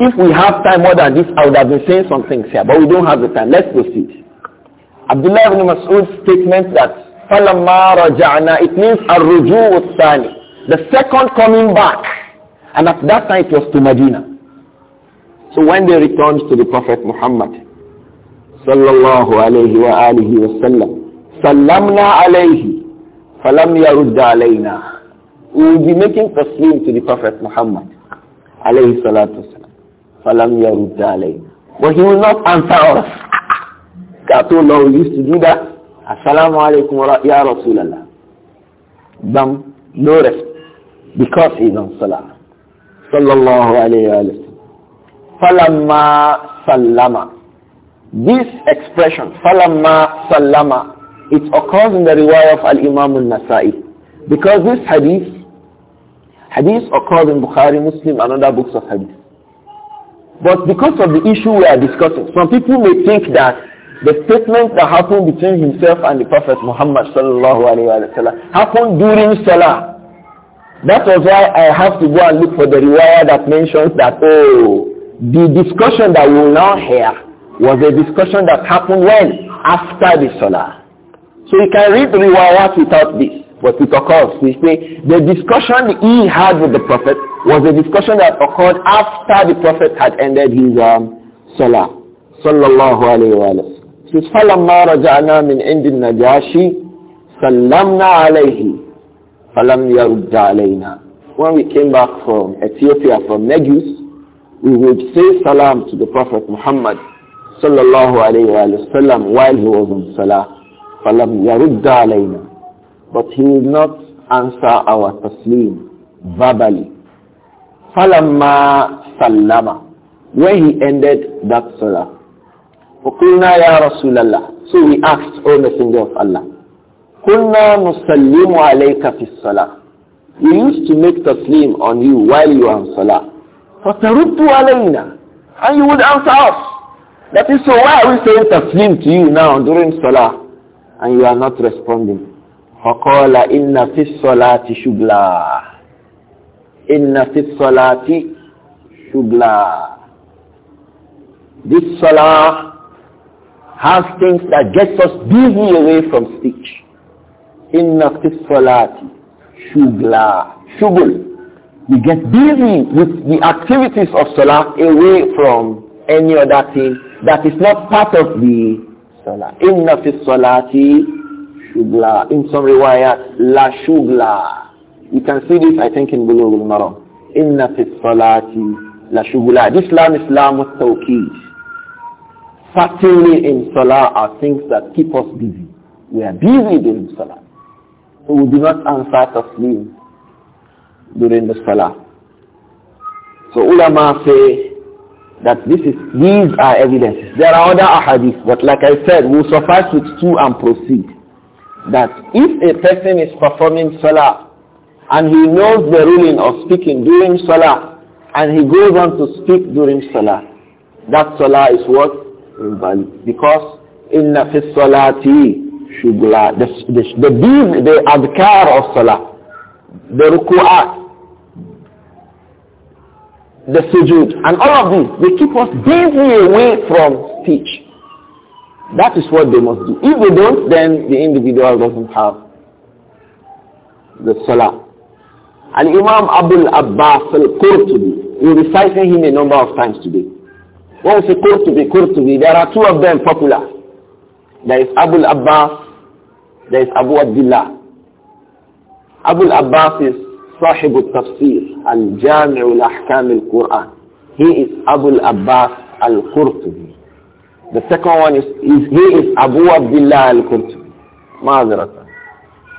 If we have time more than this, I would have been saying some things here, but we don't have the time. Let's proceed. Abdullah ibn Mas'ud's statement that فَلَمَّا rajana" It means الرجوع الثاني The second coming back. And at that time it was to Medina. So when they returned to the Prophet Muhammad sallallahu alayhi wa alihi wa sallam, sallamna alayhi فَلَمْ يَرُدَّ We will be making taslim to the Prophet Muhammad alayhi salatu wasalam. فَلَمْ يَرُدَّ عَلَيْنَا But he will not answer us. Katullah, we used to do that. Assalamu alaikum ya Rasulallah. Bam, no respect. Because he's on salah. Sallallahu alayhi wa sallam. Falamma sallama. This expression, falamma sallama, it occurs in the riwayah of Al-Imam al-Nasa'i. Because this hadith, hadith occurs in Bukhari, Muslim and other books of hadith. But because of the issue we are discussing, some people may think that the statement that happened between himself and the Prophet Muhammad sallallahu alayhi wasallam happened during Salah. That was why I have to go and look for the riwayah that mentions that, oh, the discussion that we will now hear was a discussion that happened when? After the Salah. So you can read riwayat without this. But it occurs. We say the discussion he had with the Prophet was a discussion that occurred after the Prophet had ended his um, salah. Sallallahu alayhi wa sallam. So فَلَمَّا رَجَعْنَا مِنْ عِنْدِ النَّجَاشِ سَلَّمْنَا عَلَيْهِ فَلَمْ عَلَيْنَا When we came back from Ethiopia, from Negus, we would say salam to the Prophet Muhammad sallallahu alayhi wa sallam while he was on salah. فَلَمْ يَرُدَّ عَلَيْنَا But he will not answer our taslim verbally. فَلَمَّا سَلَّمَ When he ended that salah, وَقُلْنَا يَا رَسُولَ اللَّهِ So we asked, O Messenger of Allah, كُلْنَا نُسَلِّمُ عَلَيْكَ فِي الصَّلَاةِ We used to make taslim on you while you are in salah. فَتَرُدُّ عَلَيْنَا And you would answer us. That is so why are we saying taslim to you now during salah? and you are not responding. فَقَالَ إِنَّ فِي الصَّلَاةِ شُغْلًا إِنَّ فِي الصَّلَاةِ شُغْلًا This salah has things that gets us busy away from speech. إِنَّ فِي الصَّلَاةِ شُغْلًا Shugul. We get busy with the activities of salah away from any other thing that is not part of the salah. Inna fi salati shugla. In some riwayat, la shugla. You can see this, I think, in Bulugh al-Maram. Inna fi salati la shugla. This lam is lam tawqid. Certainly in salah are things that keep us busy. We are busy during salah. So we do not answer to sleep during the salah. So ulama say, that this is these are evidences. There are other ahadith, but like I said, we'll suffice with two and proceed. That if a person is performing salah and he knows the ruling of speaking during salah and he goes on to speak during salah, that salah is what? Invalid. Because in fi salati shugla, the, the, the, the, adkar of salah, the ruku'at, the sujood, and all of these, they keep us busy away from speech. That is what they must do. If they don't, then the individual doesn't have the salah. And Imam Abdul Abbas al-Qurtubi, we recited reciting him a number of times today. When a say Qurtubi, Qurtubi, there are two of them popular. There is Abul Abbas, there is Abu Abdullah. Abul Abbas is صاحب التفسير الجامع لأحكام القرآن he is Abu الأباس abbas al-Qurtubi the second one is, is he is Abu Abdullah al-Qurtubi معذرة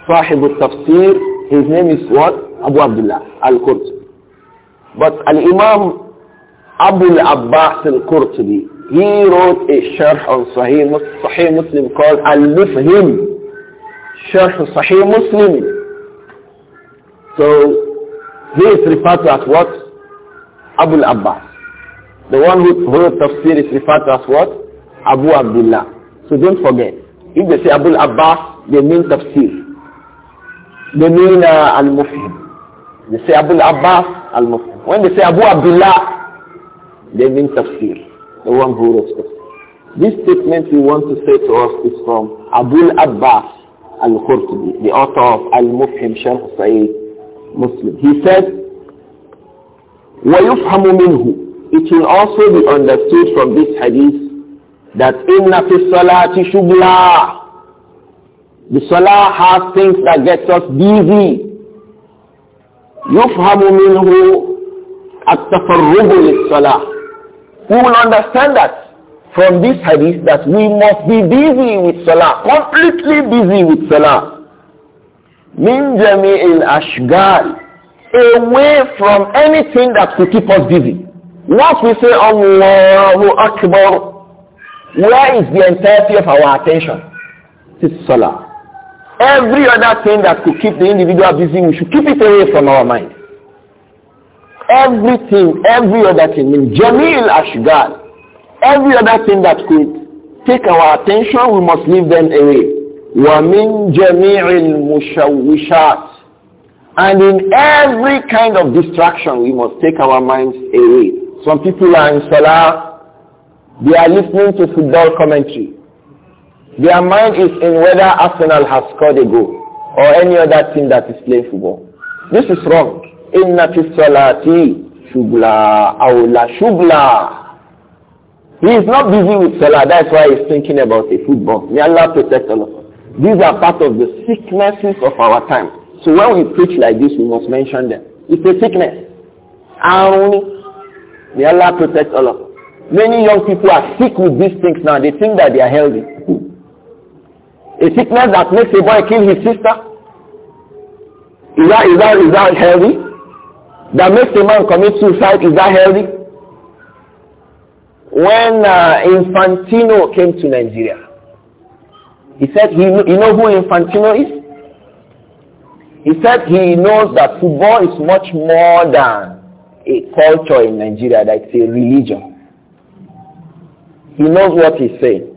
صاحب التفسير his name is what Abu Abdullah al-Qurtubi but الإمام imam Abu القرطبي abbas al-Qurtubi he wrote a شرح on Sahih, Sahih Muslim called al شرح صحيح Sahih Muslim So he is referred to as what? Abu Abbas. The one who wrote tafsir is referred to as what? Abu Abdullah. So don't forget. If they say Abu Abbas, they mean tafsir. They mean uh, Al-Mufhim. They say Abu Abbas, Al-Mufhim. When they say Abu Abdullah, they mean tafsir. The one who wrote tafsir. This statement we want to say to us is from Abu Abbas Al-Qurtubi, the author of Al-Mufhim Sharh Sa'id Muslim. He said, وَيُفْهَمُ مِنْهُ It will also be understood from this hadith that إِنَّ فِي الصَّلَاةِ shubla. The salah has things that gets us busy. يُفْهَمُ مِنْهُ التَّفَرُّغُ لِلصَّلَاة We will understand that from this hadith that we must be busy with salah, completely busy with salah min jami'il ashgal away from anything that could keep us busy what we say allahu akbar where is the entirety of our attention it's salah every other thing that could keep the individual busy we should keep it away from our mind everything every other thing min jami'il ashgal every other thing that could take our attention we must leave them away وَمِن جَمِيعِ الْمُشَوِّشَاتِ And in every kind of distraction, we must take our minds away. Some people are in Salah, they are listening to football commentary. Their mind is in whether Arsenal has scored a goal or any other team that is playing football. This is wrong. inna فِي الصَّلَاةِ شُغْلَا أَوْ la شُغْلَا he is not busy with Salah. That's why he's thinking about a football. May Allah protect all us. These are part of the sicknesses of our time. So when we preach like this, we must mention them. It's a sickness. And may Allah protect all of us. Many young people are sick with these things now. They think that they are healthy. A sickness that makes a boy kill his sister. Is that, is that, is that healthy? That makes a man commit suicide. Is that healthy? When uh, Infantino came to Nigeria, he said, he, you know who Infantino is? He said he knows that football is much more than a culture in Nigeria, that it's a religion. He knows what he's saying.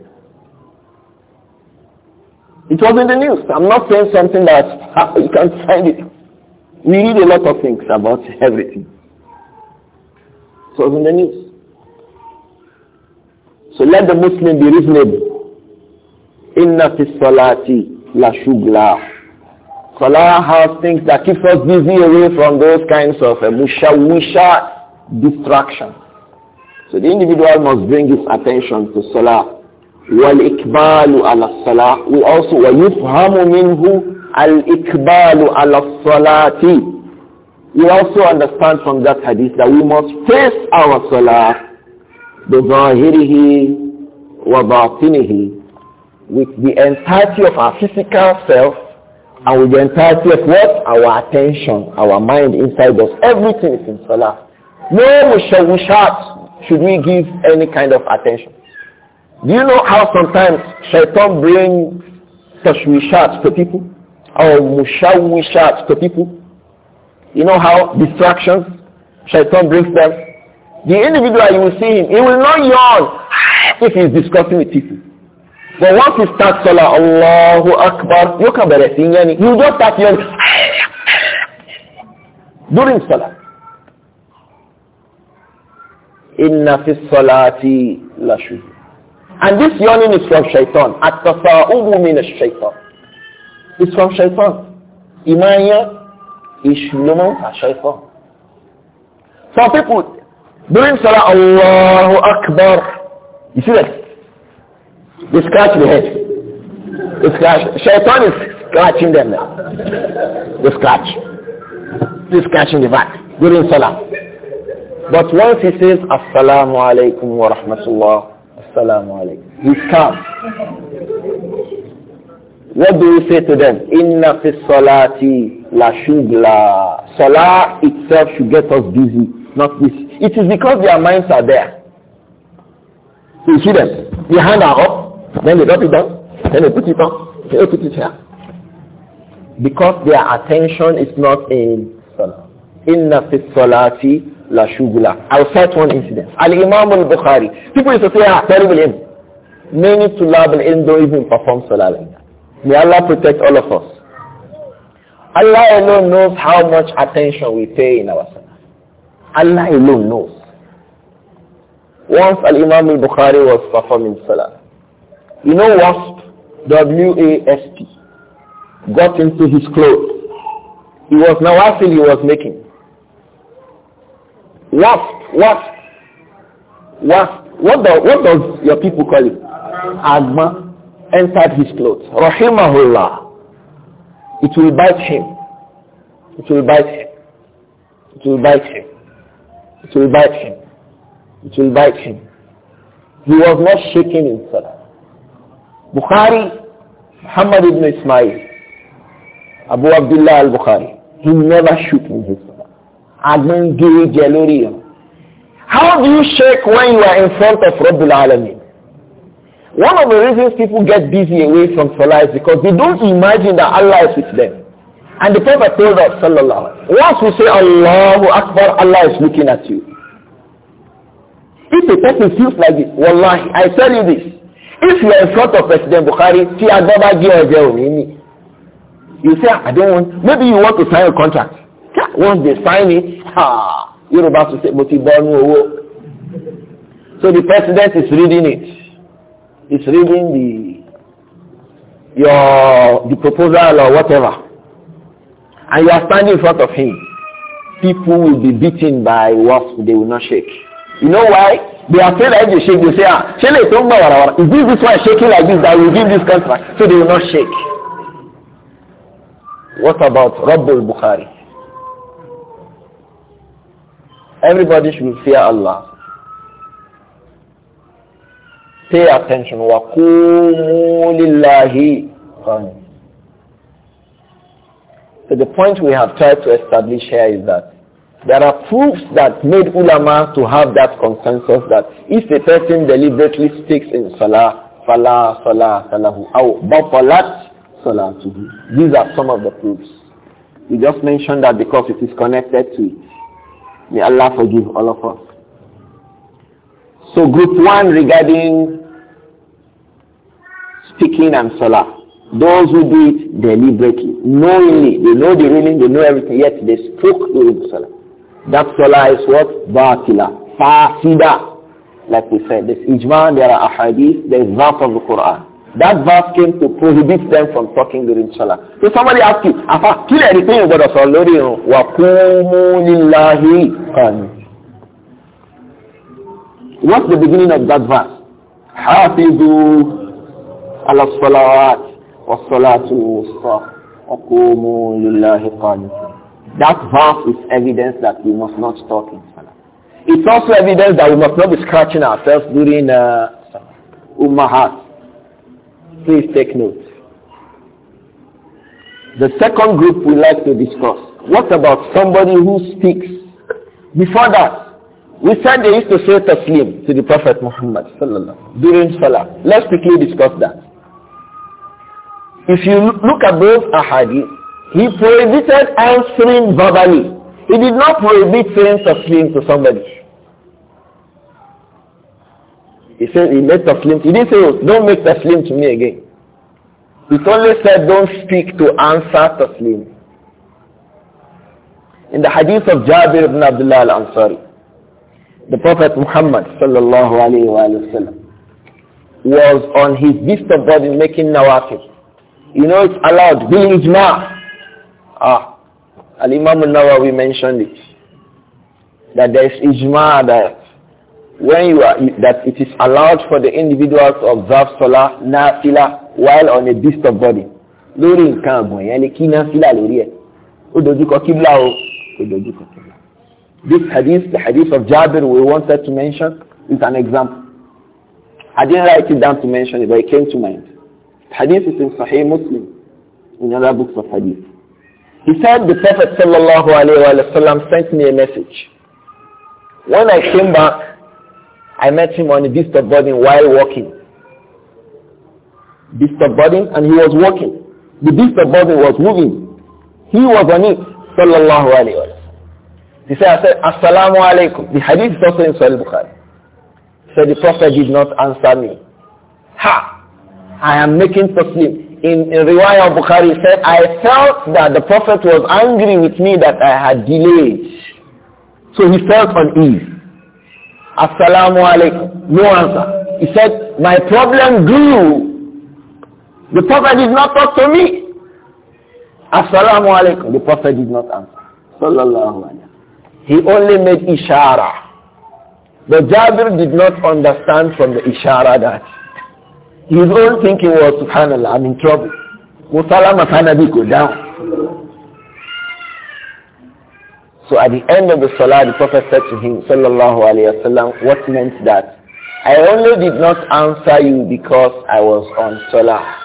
It was in the news. I'm not saying something that you can not find it. We read a lot of things about everything. So it was in the news. So let the Muslim be reasonable. Inna fi salati la shugla. Salah has things that keeps us busy away from those kinds of musha mushawisha distraction. So the individual must bring his attention to salah. والإقبال ala الصلاة we also ويفهم منه الإقبال على الصلاة also understand from that hadith that we must face our salah بظاهره وباطنه with the entirety of our physical self and with the entirety of what? Our attention, our mind inside us. Everything is in Salah. No mushawushat should we give any kind of attention. Do you know how sometimes shaitan brings tashwishat to people? Or mushawishat to people? You know how distractions, shaitan brings them? The individual, you will see him, he will not yawn if he is discussing with people. But once you start Salah, Allahu Akbar, you can be yani. You don't start yelling during Salah. Inna fi salati la And this yawning is from shaitan. At-tasa'ubu min shaitan It's from shaitan. Imaya ishlumu shaitan. Some people, during Salah, Allahu Akbar. You see that? They scratch the head. They scratch. Shaitan is scratching them now. They scratch. They scratching the back during salah. But once he says, Assalamu alaikum wa rahmatullah, Assalamu alaikum, he's calm. What do you say to them? Inna fi salati la shugla. Salah itself should get us busy, not this. It is because their minds are there. You see them? Behind our then they drop it down. Then they put it on. Then they put it here. Because their attention is not in Salah. Inna fi salati la shugula. I'll cite one incident. Al-Imam al-Bukhari. People used to say, ah, terrible him. Many tulab al-ilm don't even perform Salah like that. May Allah protect all of us. Allah alone knows how much attention we pay in our Salah. Allah alone knows. Once Al-Imam al-Bukhari was performing Salah, you know Wasp, W-A-S-P, got into his clothes. He was now asking, he was making. Wasp, wasp, wasp. What, do, what does your people call it? Agma entered his clothes. Rahimahullah. It will bite him. It will bite him. It will bite him. It will bite him. It will bite him. He was not shaking himself. Bukhari, Muhammad ibn Ismail, Abu Abdullah al-Bukhari, he never shoot in his salah. Adnan Giri Jaluriya. How do you shake when you are in front of Rabbul Alameen? One of the reasons people get busy away from salah is because they don't imagine that Allah is with them. And the Prophet told us, sallallahu once we say Allahu Akbar, Allah is looking at you. If a person feels like this, wallahi, I tell you this, if you are in front of president buhari tí agbọ́n bá gé ọ̀jẹ̀ ni you say ah, i don't want maybe you want to sign a contract once they sign it ah yorùbá tún say mo ti bọ́ ọ́nú owó so the president is reading it is reading the your the proposal or whatever and you are standing in front of him people will be beaten by wasp they will not shake you know why They are afraid that if they shake, they say, ah, shele don't know what If this one shaking like this, I will give this contract. So they will not shake. What about Rabbul Bukhari? Everybody should fear Allah. Pay attention. وَقُومُوا لِلَّهِ So the point we have tried to establish here is that there are proofs that made ulama to have that consensus that if a person deliberately speaks in salah, fala, salah, salahu, aw bafalat salatuhu. These are some of the proofs. We just mentioned that because it is connected to it. May Allah forgive all of us. So group one regarding speaking and salah. Those who do it deliberately, knowingly, they know the ruling, they know everything, yet they spoke during salah. That salah is what? Batila. Fasida. Like we said, there's ijma, there are ahadith, there is verse of the Quran. That verse came to prohibit them from talking during salah. So somebody ask you, afa kí lè rí pé yóò gbọdọ̀ sọ̀rọ̀ lórí irun? Wà kúmú What's the beginning of that verse? Hafizu ala salawat wa salatu wusta wa kúmú níláhi kan. That verse is evidence that we must not talk in Salah. It's also evidence that we must not be scratching ourselves during uh, Ummahat. Please take note. The second group we like to discuss. What about somebody who speaks? Before that, we said they used to say taslim to the Prophet Muhammad during Salah. Let's quickly discuss that. If you look at those ahadith, he prohibited answering verbally. He did not prohibit saying taslim to somebody. He said he made taslim. He didn't say, oh, don't make taslim to me again. He only said don't speak to answer taslim. In the hadith of Jabir ibn Abdullah al-Ansari, the Prophet Muhammad sallallahu alayhi wa, sallam, was on his beast of burden making nawafil. You know it's allowed, bil ijma' Ah, Al-Imam nawawi mentioned it. That there is ijma that when you are, that it is allowed for the individual to observe salah, nafila, while on a beast of body. lórí nǹkan àgbọ̀n yẹn ni kí nafila lórí ẹ̀. Ó dojúkọ kíbla o, ó dojúkọ kíbla. This hadith, the hadith of Jabir we wanted to mention is an example. I didn't write it down to mention it, but it came to mind. The hadith is in Sahih Muslim, in other books of hadith. He said the Prophet sallallahu sent me a message. When I came back, I met him on the beast of burden while walking. Beast of burden and he was walking. The beast of burden was moving. He was on it sallallahu alayhi wa He said, I said, assalamu alaykum. The hadith is also in Sahih Bukhari. He said, the Prophet did not answer me. Ha! I am making Muslims in, in Riwayah Bukhari said, I felt that the Prophet was angry with me that I had delayed. So he felt uneasy. Assalamu alaikum. No answer. He said, my problem grew. The Prophet did not talk to me. Assalamu alaikum. The Prophet did not answer. Sallallahu He only made ishara. The Jabir did not understand from the ishara that his own thinking was, subhanAllah, I'm in trouble. Musalama Fanabi go down. So at the end of the salah, the Prophet said to him, sallallahu alayhi wasallam, what meant that? I only did not answer you because I was on salah.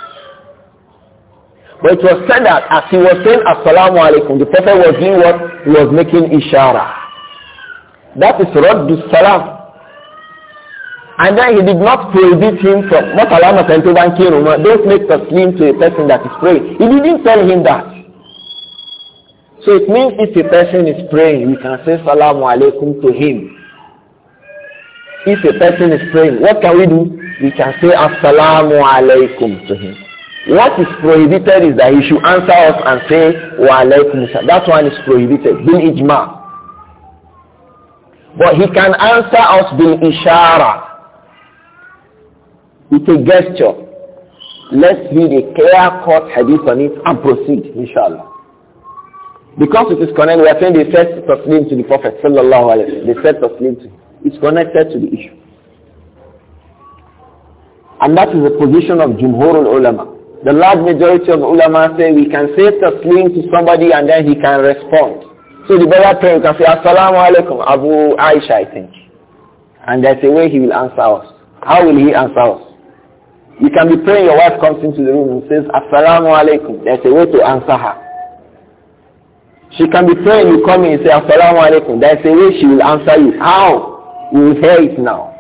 But it was said that as he was saying assalamu alaikum, the Prophet was doing what? He was making ishara. That is raddu salam. And then he did not prohibit him from what Allah to one kiruma, don't make taslim to a person that is praying. He didn't tell him that. So it means if a person is praying, we can say salamu alaikum to him. If a person is praying, what can we do? We can say assalamu alaikum to him. What is prohibited is that he should answer us and say wa alaikum That one is prohibited. Bil ijma. But he can answer us bil ishara. It's a gesture. Let's read a clear-cut hadith on it and proceed, inshallah. Because it is connected, we are saying the first Taslim to the Prophet sallallahu alayhi The first Taslim to It's connected to the issue. And that is the position of Jumhur ulama. The large majority of ulama say we can say Taslim to somebody and then he can respond. So the better prayer we can say Assalamu alaikum Abu Aisha I think. And that's the way he will answer us. How will he answer us? You can be praying, your wife comes into the room and says, Assalamu alaikum. There's a way to answer her. She can be praying, you come in and say, Assalamu alaikum. There's a way she will answer you. How? You will hear it now.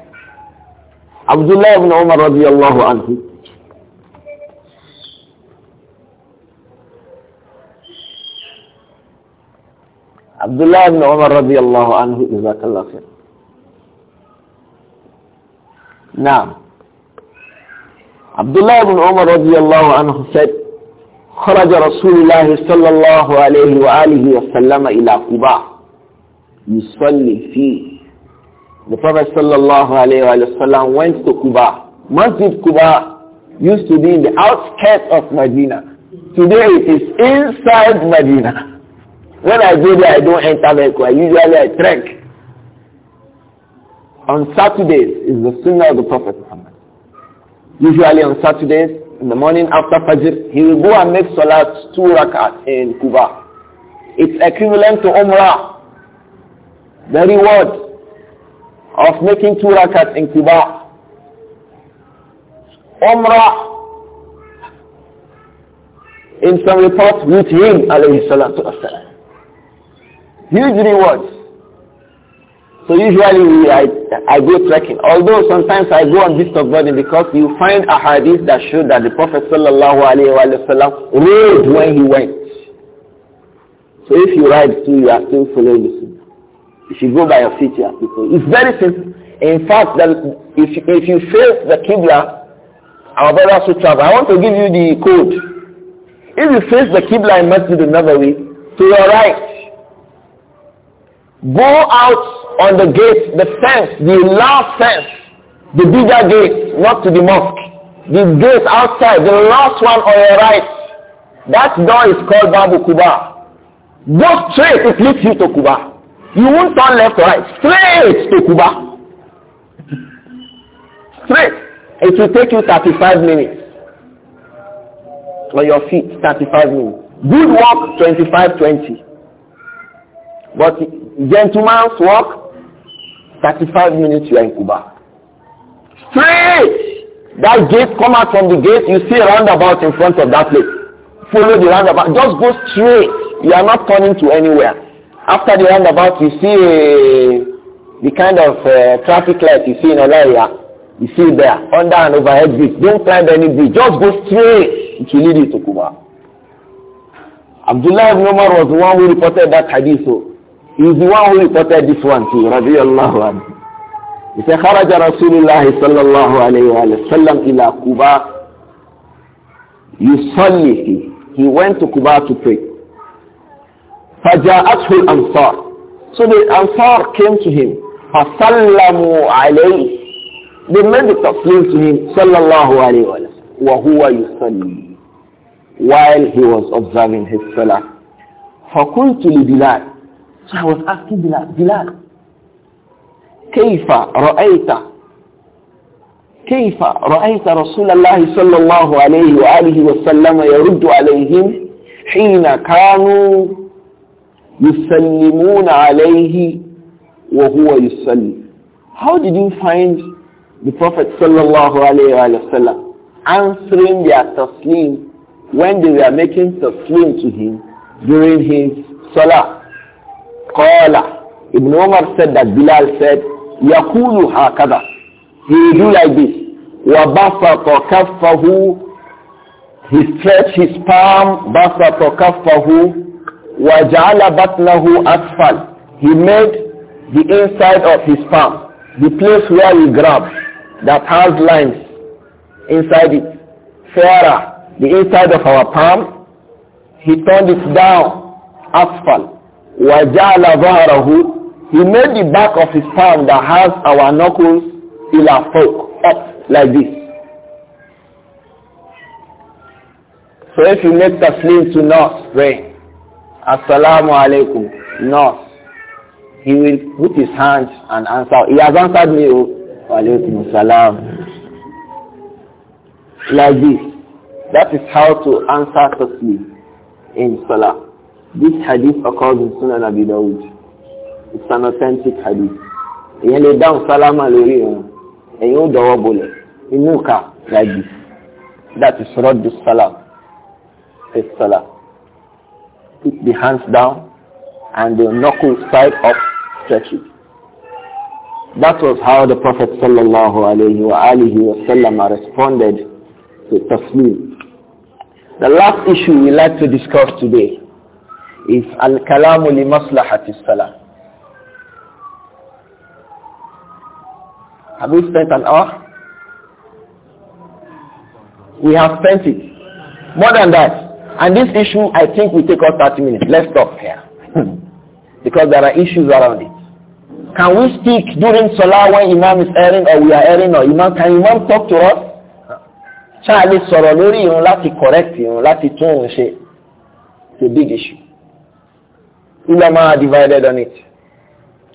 Abdullah ibn Umar radiallahu anhu. Abdullah ibn Umar radiallahu anhu, Jazakallah khair. Now, Abdullah ibn Umar radiyallahu anhu said, خرج رسول الله صلى الله عليه وآله وسلم إلى قباء يصلي فيه. The Prophet صلى الله عليه وآله وسلم went to Quba. Masjid Quba used to be in the outskirts of Medina. Today it is inside Medina. When I go there, I don't enter Mecca. Usually I trek. On Saturdays is the Sunnah of the Prophet Usually on Saturdays, in the morning after Fajr, he will go and make Salat two rakat in Kuba. It's equivalent to Umrah. The reward of making two rakat in Kuba. Umrah in some reports with him alayhi salatu wasalam. Huge rewards. So usually we, I, I go trekking. Although sometimes I go on this of burden because you find a hadith that show that the Prophet sallallahu alaihi wasallam rode when he went. So if you ride too, you are still following the sunnah. If you go by your feet, you are people. It's very simple. In fact, the, if, if you face the Qibla, our brothers should travel, I want to give you the code. If you face the Qibla in Masjid another way. to your right, go out on the gate, the fence, the last fence, the bigger gate, not to the mosque. The gate outside, the last one on your right, that door is called Babu Kuba. Go straight, it leads you to Kuba. You won't turn left or right, straight to Kuba. Straight. It will take you 35 minutes. On your feet, 35 minutes. Good walk, 25, 20. But gentleman's walk, 35 minutes you are in Cuba. Straight! That gate, come out from the gate, you see a roundabout in front of that place. Follow the roundabout. Just go straight. You are not turning to anywhere. After the roundabout, you see uh, the kind of uh, traffic light you see in another area. You see there, under and overhead bridge. Don't climb any bridge. Just go straight. It will lead you to Cuba. Abdullah ibn was the one who reported that hadith. So He's the one who reported this one to رضي الله عنه. He said, خرج رسول الله صلى الله عليه وآله وسلم إلى كوبا يصلي فيه. He went to كوبا to pray. فجاءته الأنصار. So the Ansar came to him. فسلموا عليه. They made the taslim to him صلى الله عليه وآله وهو يصلي while he was observing his salah. فقلت لبلاد So I was asking Bilal, Bilal, كيف رأيت كيف رأيت رسول الله صلى الله عليه وآله وسلم يرد عليهم حين كانوا يسلمون عليه وهو يسلم How did you find the Prophet sallallahu alayhi wa sallam answering their taslim when they were making taslim to him during his salah? Qala. Ibn Umar said that Bilal said, Yakulu hakada. He will do like this. وَبَسَطَ كَفَّهُ He stretched his palm, بَسَطَ كَفَّهُ وَجَعَلَ بَطْنَهُ asfal He made the inside of his palm, the place where he grabs, that has lines inside it, fairer, the inside of our palm, he turned it down, asphalt, وَجَعَلَ ظَهْرَهُ He made the back of his palm that has our knuckles ila folk up like this. So if you make taslim to Nas, pray. Assalamu alaikum. Nas. He will put his hand and answer. He has answered me, oh, alaikum salam. Like this. That is how to answer taslim in salah. This hadith occurs in Sunan Abi Dawud. It's an authentic hadith. Ìyẹn lè dáhùn sálámà lórí ìrùn. Ẹ̀yin ó dọwọ́ bolẹ̀. Inú ka like this. That is Raddu Salam. Face Salam. Put the hands down and the knuckle side up, stretch it. That was how the Prophet sallallahu alayhi wa alihi wasallam responded to Taslim. The last issue we like to discuss today is al-kalamu li maslahati salah. Have we spent an hour? We have spent it. More than that. And this issue, I think we take us 30 minutes. Let's stop here. because there are issues around it. Can we speak during Salah when Imam is erring or we are erring or Imam? Can Imam talk to us? Ṣáà lè sọ̀rọ̀ lórí ìrun correct ìrun láti tún a big issue. Ulama are divided on it.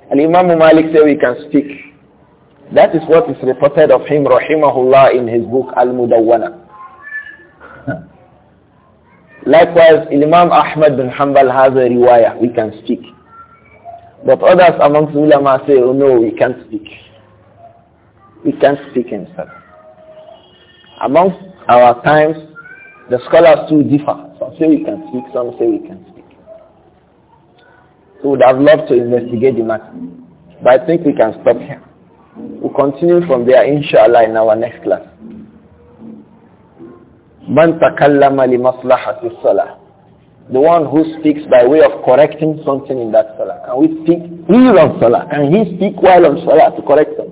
And Imam Malik said we can speak. That is what is reported of him, rahimahullah, in his book Al-Mudawwana. Likewise, Imam Ahmad bin Hanbal has a riwayah, we can speak. But others amongst ulama say, oh no, we can't speak. We can't speak instead. Amongst our times, the scholars too differ. Some say we can speak, some say we can't we would have loved to investigate the matter. But I think we can stop here. We'll continue from there, inshallah, in our next class. Man takallama li maslahati salah. The one who speaks by way of correcting something in that salah. Can we speak? while on salah. Can he speak while on salah to correct them?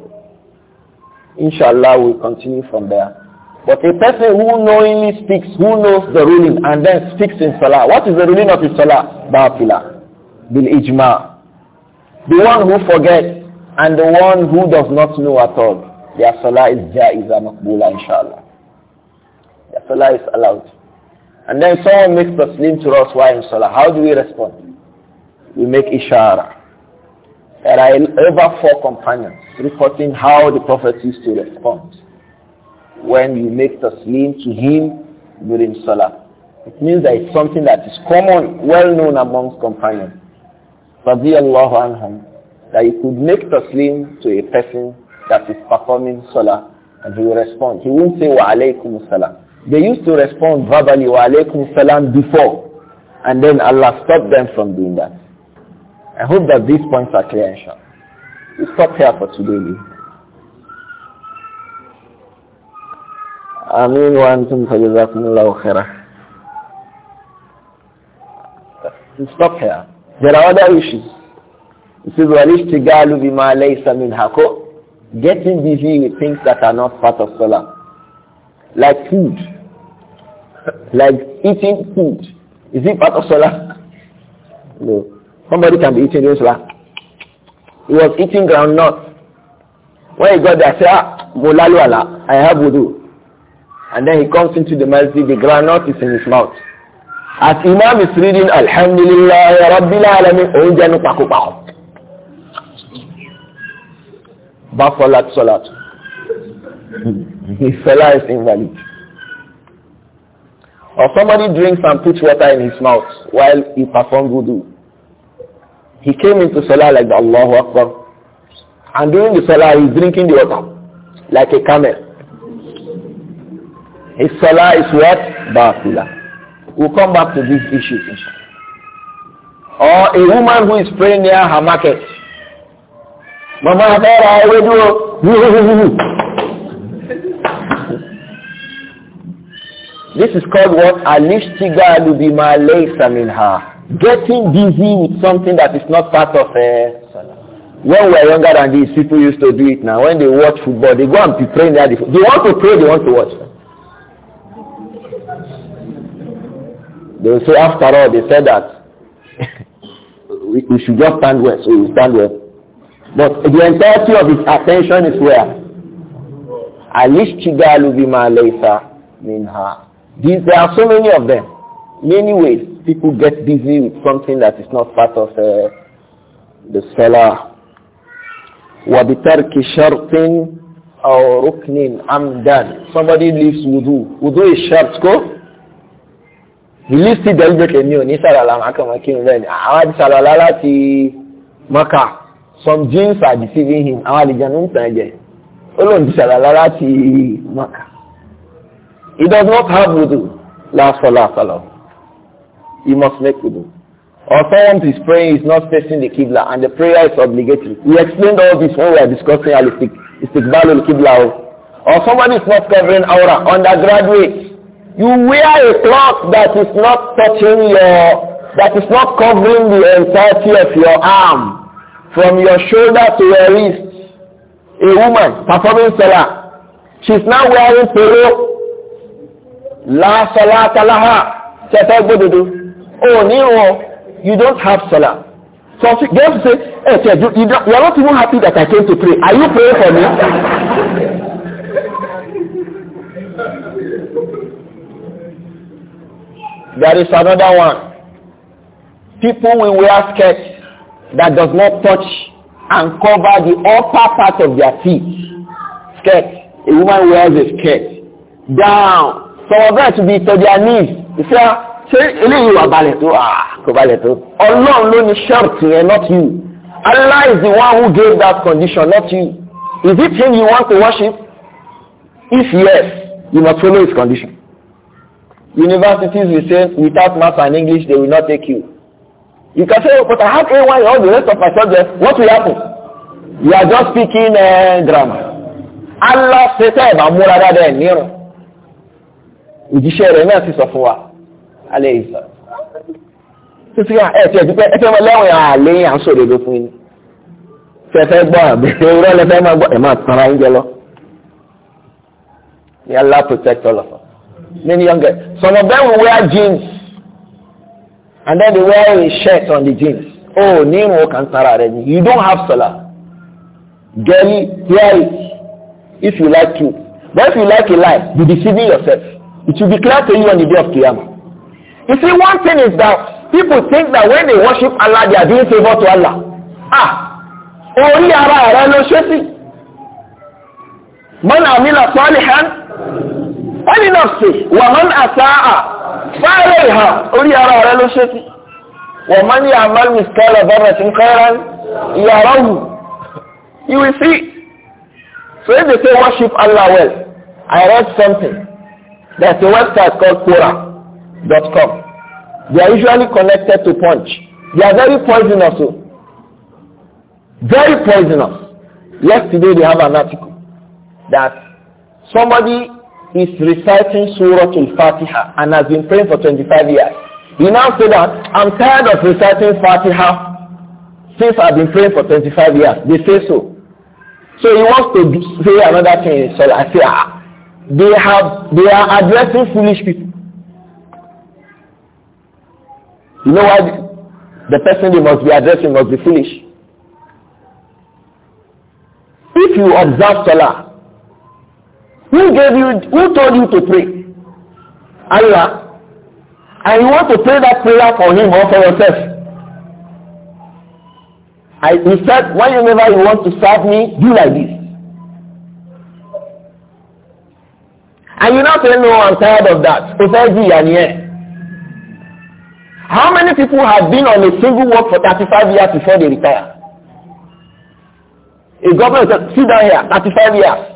Inshallah, we'll continue from there. But a person who knowingly speaks, who knows the ruling, and then speaks in salah. What is the ruling of his salah? Ba'afila bil ijma. The one who forgets and the one who does not know at all, their salah is ja'iza makbula inshallah. Their salah is allowed. And then someone makes taslim to us in salah. How do we respond? We make ishara. There are over four companions reporting how the Prophet used to respond when you make taslim to him during salah. It means that it's something that is common, well known amongst companions radiallahu anhum, that you could make taslim to a person that is performing salah and he will respond. He won't say wa alaykum salam. They used to respond verbally wa alaykum salam before and then Allah stopped them from doing that. I hope that these points are clear inshallah. We stop here for today. Please. آمين وأنتم فجزاكم الله خيرا. Stop here. There are other issues. It says, وَالِشْتِغَالُ بِمَا لَيْسَ مِنْهَا Getting busy with things that are not part of Salah. Like food. like eating food. Is it part of Salah? No. Somebody can be eating this Salah. He was eating groundnut. When he got there, he said, ah, I have wudu. And then he comes into the masjid, the groundnut is in his mouth. as imam is reading alhamdulillahi rabbil alamin òun jẹnu pakopako bá sọlat sọlat his fella is invalid or somebody drinks and puts water in his mouth while he performs wudu he came into salah like the Allahu Akbar and during the salah he's drinking the water like a camel his salah is what? Ba'atullah We'll come back to these issues. Or a woman who is praying near her market. Mama, I This is called what? Alishtigalu bima laysa her Getting busy with something that is not part of eh, a... When we are younger than these, people used to do it now. When they watch football, they go and be praying there. They want to pray, they want to watch. They say, after all, they said that we, we should just stand well, so we stand well. But the entirety of his attention is where? Alishtigalu bima leisa minha. there are so many of them. Many ways people get busy with something that is not part of uh, the seller. وَبِتَرْكِ شَرْطٍ أَوْ رُكْنٍ عَمْدًا Somebody leaves wudu. Wudu is shart, go. ìlú sì dẹ́gbẹ̀kẹ̀ mi ò ní sàràlà máa kàn máa kírun bẹ́ẹ̀ ni àwọn àti sàràlà láti maka some jeans are deceiving him àwọn àlìjánu ń tàn jẹ ó lòun ti sàràlà láti maka he does not have wudu last salah salah he must make wudu or someone is praying is not facing the kibla and the prayer is obligatory we explained all this when we were discussing alistik istikbalul kibla o or somebody is not covering aura undergraduate you wear a cloth that is not touching your, that is not covering the entirety of your arm, from your shoulder to your wrist. A woman performing salah, she's now wearing pillow. La salah talaha. Ṣẹ̀fẹ́ gbódodo. Oh, Nero, you don't have salah. So she goes say, hey, you, you, you are not even happy that I came to pray. Are you praying for me? There is another one. People will wear skirt that does not touch and cover the upper part of their feet. Skirt. A woman wears a skirt. Down. Some of them to be to their knees. You see, ah, ṣé eléyìí wà balẹ̀ tó? Ah, kò balẹ̀ tó. Ọlọ́run ló ní ṣọ́ọ̀tì yẹn not you. Allah is the one who gave that condition not you. Is it him you want to worship? If yes, you must follow his condition. Universities will say, without math and English, they will not take you. You can say, oh, but I have A1 all the rest of my subjects. What will happen? You are just speaking uh, grammar. Allah ṣe tẹ́ ẹ̀ bá múra dáadáa ẹ̀ nírun. Òjíṣẹ́ rẹ̀ náà sì sọ fún wa. Alẹ́ ìsọ̀. Títí à ẹ̀ tí ẹ̀ dúpẹ́ ẹ fẹ́ mọ lẹ́wọ̀n yà á léyìn à ń sòrò ló fún yín. Fẹ́fẹ́ gbọ́ àbẹ̀rẹ̀ irọ́ lẹ́fẹ́ máa gbọ́ ẹ̀ máa tanra ń jẹ lọ. May Allah protect all of us many young girls. Some of them will wear jeans. And then they wear a shirt on the jeans. Oh, name work and already. You don't have salah. Girl, hear it. If you like to, But if you like a lie, be deceiving yourself. It will be clear to you on the day of Qiyamah. You see, one thing is that people think that when they worship Allah, they are doing favor to Allah. Ah! Ori ara ara lo shesi. Man amila salihan wọ́n ní nọ́ọ̀sì wà mọ́n àtàà fáàrẹ̀ ìhà orí ara rẹ ló ṣe ti wà mọ́n ní àmàlù ìsìkálẹ̀ bọ́ọ̀rẹ̀ tí ń kọ́ra ìyàrá wù you will see so if they say worship Allah well I read something that the website called Quora.com they are usually connected to punch they are very poisonous o oh. very poisonous yesterday they have an article that somebody is reciting Surah Al-Fatiha and has been praying for 25 years. He now said that, I'm tired of reciting Fatiha since I've been praying for 25 years. They say so. So he wants to say another thing So I say, ah, they, have, they are addressing foolish people. You know why the, the person they must be addressing must be foolish? If you observe Salah, Who gave you, who told you to pray? Allah. And you want to pray that prayer for him or for yourself. I, he said, whenever you want to serve me, do like this. And you now say, no, I'm tired of that. How many people have been on a single work for 35 years before they retire? A government said, sit down here, 35 years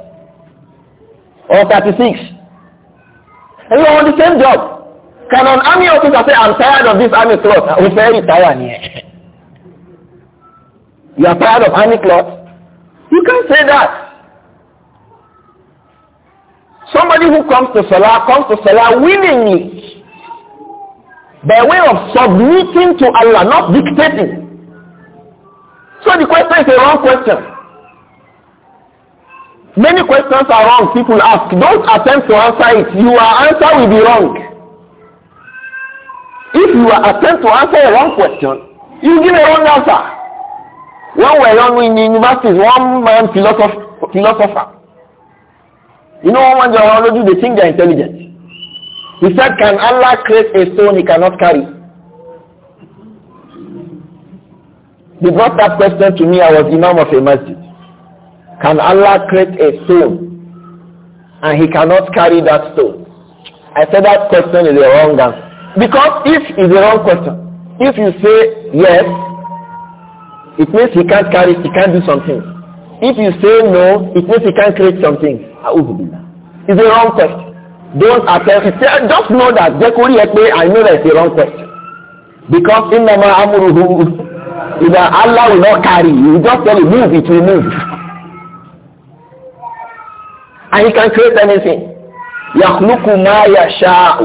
or 36. And you are on the same job. Can an army officer say, I'm tired of this army cloth? We say, you tired here. You are tired of army cloth? You can't say that. Somebody who comes to Salah comes to Salah willingly by way of submitting to Allah, not dictating. So the question is a wrong question. Many questions are wrong people ask. Don't attempt to answer it. Your answer will be wrong. If you attempt to answer a wrong question, you give a wrong answer. When we were young in the universities, one man philosopher, philosopher. You know one man do they think they're intelligent. He said, can Allah create a stone he cannot carry? They brought that question to me. I was imam of a masjid. Can Allah create a stone and he cannot carry that stone? I said that question is a wrong answer. Because if it's a wrong question, if you say yes, it means he can't carry, he can't do something. If you say no, it means he can't create something. It's a wrong question. Don't attempt it. Just know that. I know that it's a wrong question. Because in Nama Amuruhu, Allah will not carry. You just tell him, move, it will move. And he can create anything. يَخْلُقُ مَا يَشَاءُ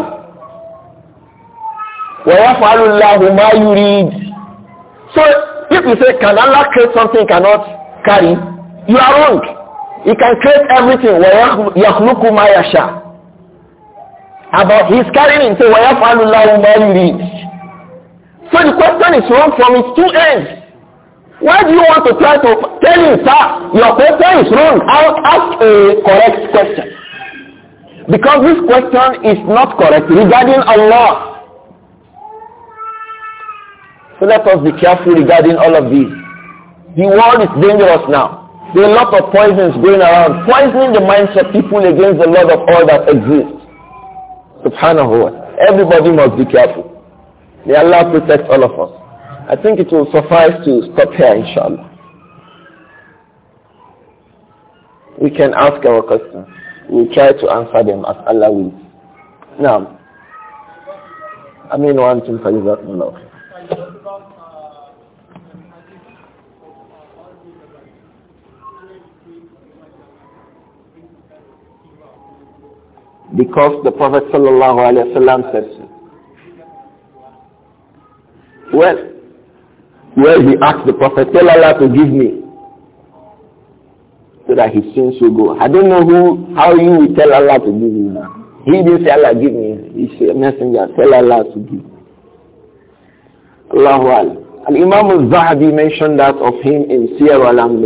وَيَفْعَلُ اللَّهُ مَا يُرِيدُ So if you say, can Allah create something cannot carry? You are wrong. He can create everything. Wa وَيَخْلُقُ مَا يَشَاءُ About his carrying, so وَيَفْعَلُ اللَّهُ مَا يُرِيدُ So the question is wrong from its two ends. Why do you want to try to tell him, sir, your question is wrong? I'll ask a correct question. Because this question is not correct regarding Allah. So let us be careful regarding all of these. The world is dangerous now. There are a lot of poisons going around, poisoning the minds of people against the Lord of all that exists. Subhanahu wa Everybody must be careful. May Allah protect all of us. I think it will suffice to stop here, inshallah. We can ask our questions. We'll try to answer them as Allah wills. Now, I mean one thing for you that no. Because the Prophet sallallahu alaihi wasallam said Well, where he asked the Prophet, tell Allah to give me so that his sins will go. I don't know who, how you will tell Allah to give you now. He didn't say Allah give me. He said messenger, tell Allah to give. Allahu Allah. Al Imam al-Zahabi mentioned that of him in Siyar al-Alam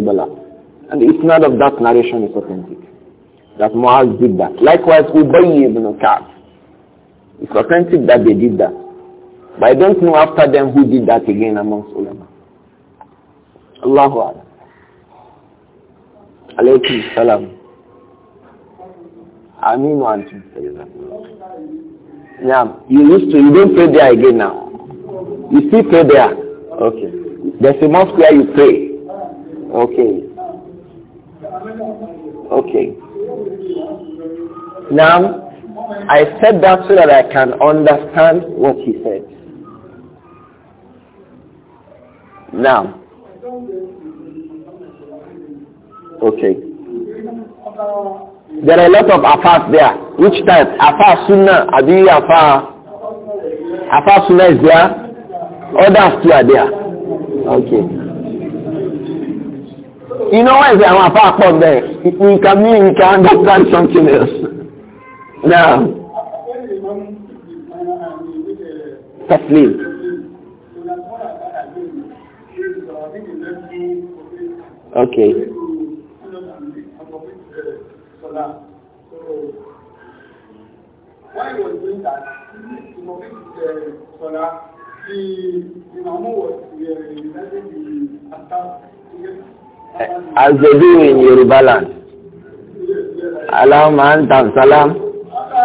And it's not of that narration is authentic. That Muaz did that. Likewise, Ubayy ibn Ka'b. It's authentic that they did that. But I don't know after them who did that again amongst ulama. Allahu Akbar. Alaykum salam. Ameen wa antum Yeah, you used to, you don't pray there again now. You still pray there. Okay. There's a mosque where you pray. Okay. Okay. Now, I said that so that I can understand what he said. Now. Okay. There are a lot of afas there. Which type? Afa sunnah, abi afa. Afa sunnah is there. Others too are there. Okay. You know why there are afa up there? We can mean we can understand something else. Now. Tasleem. ok. While As they do in Yoruba land. Alam Antam Salam.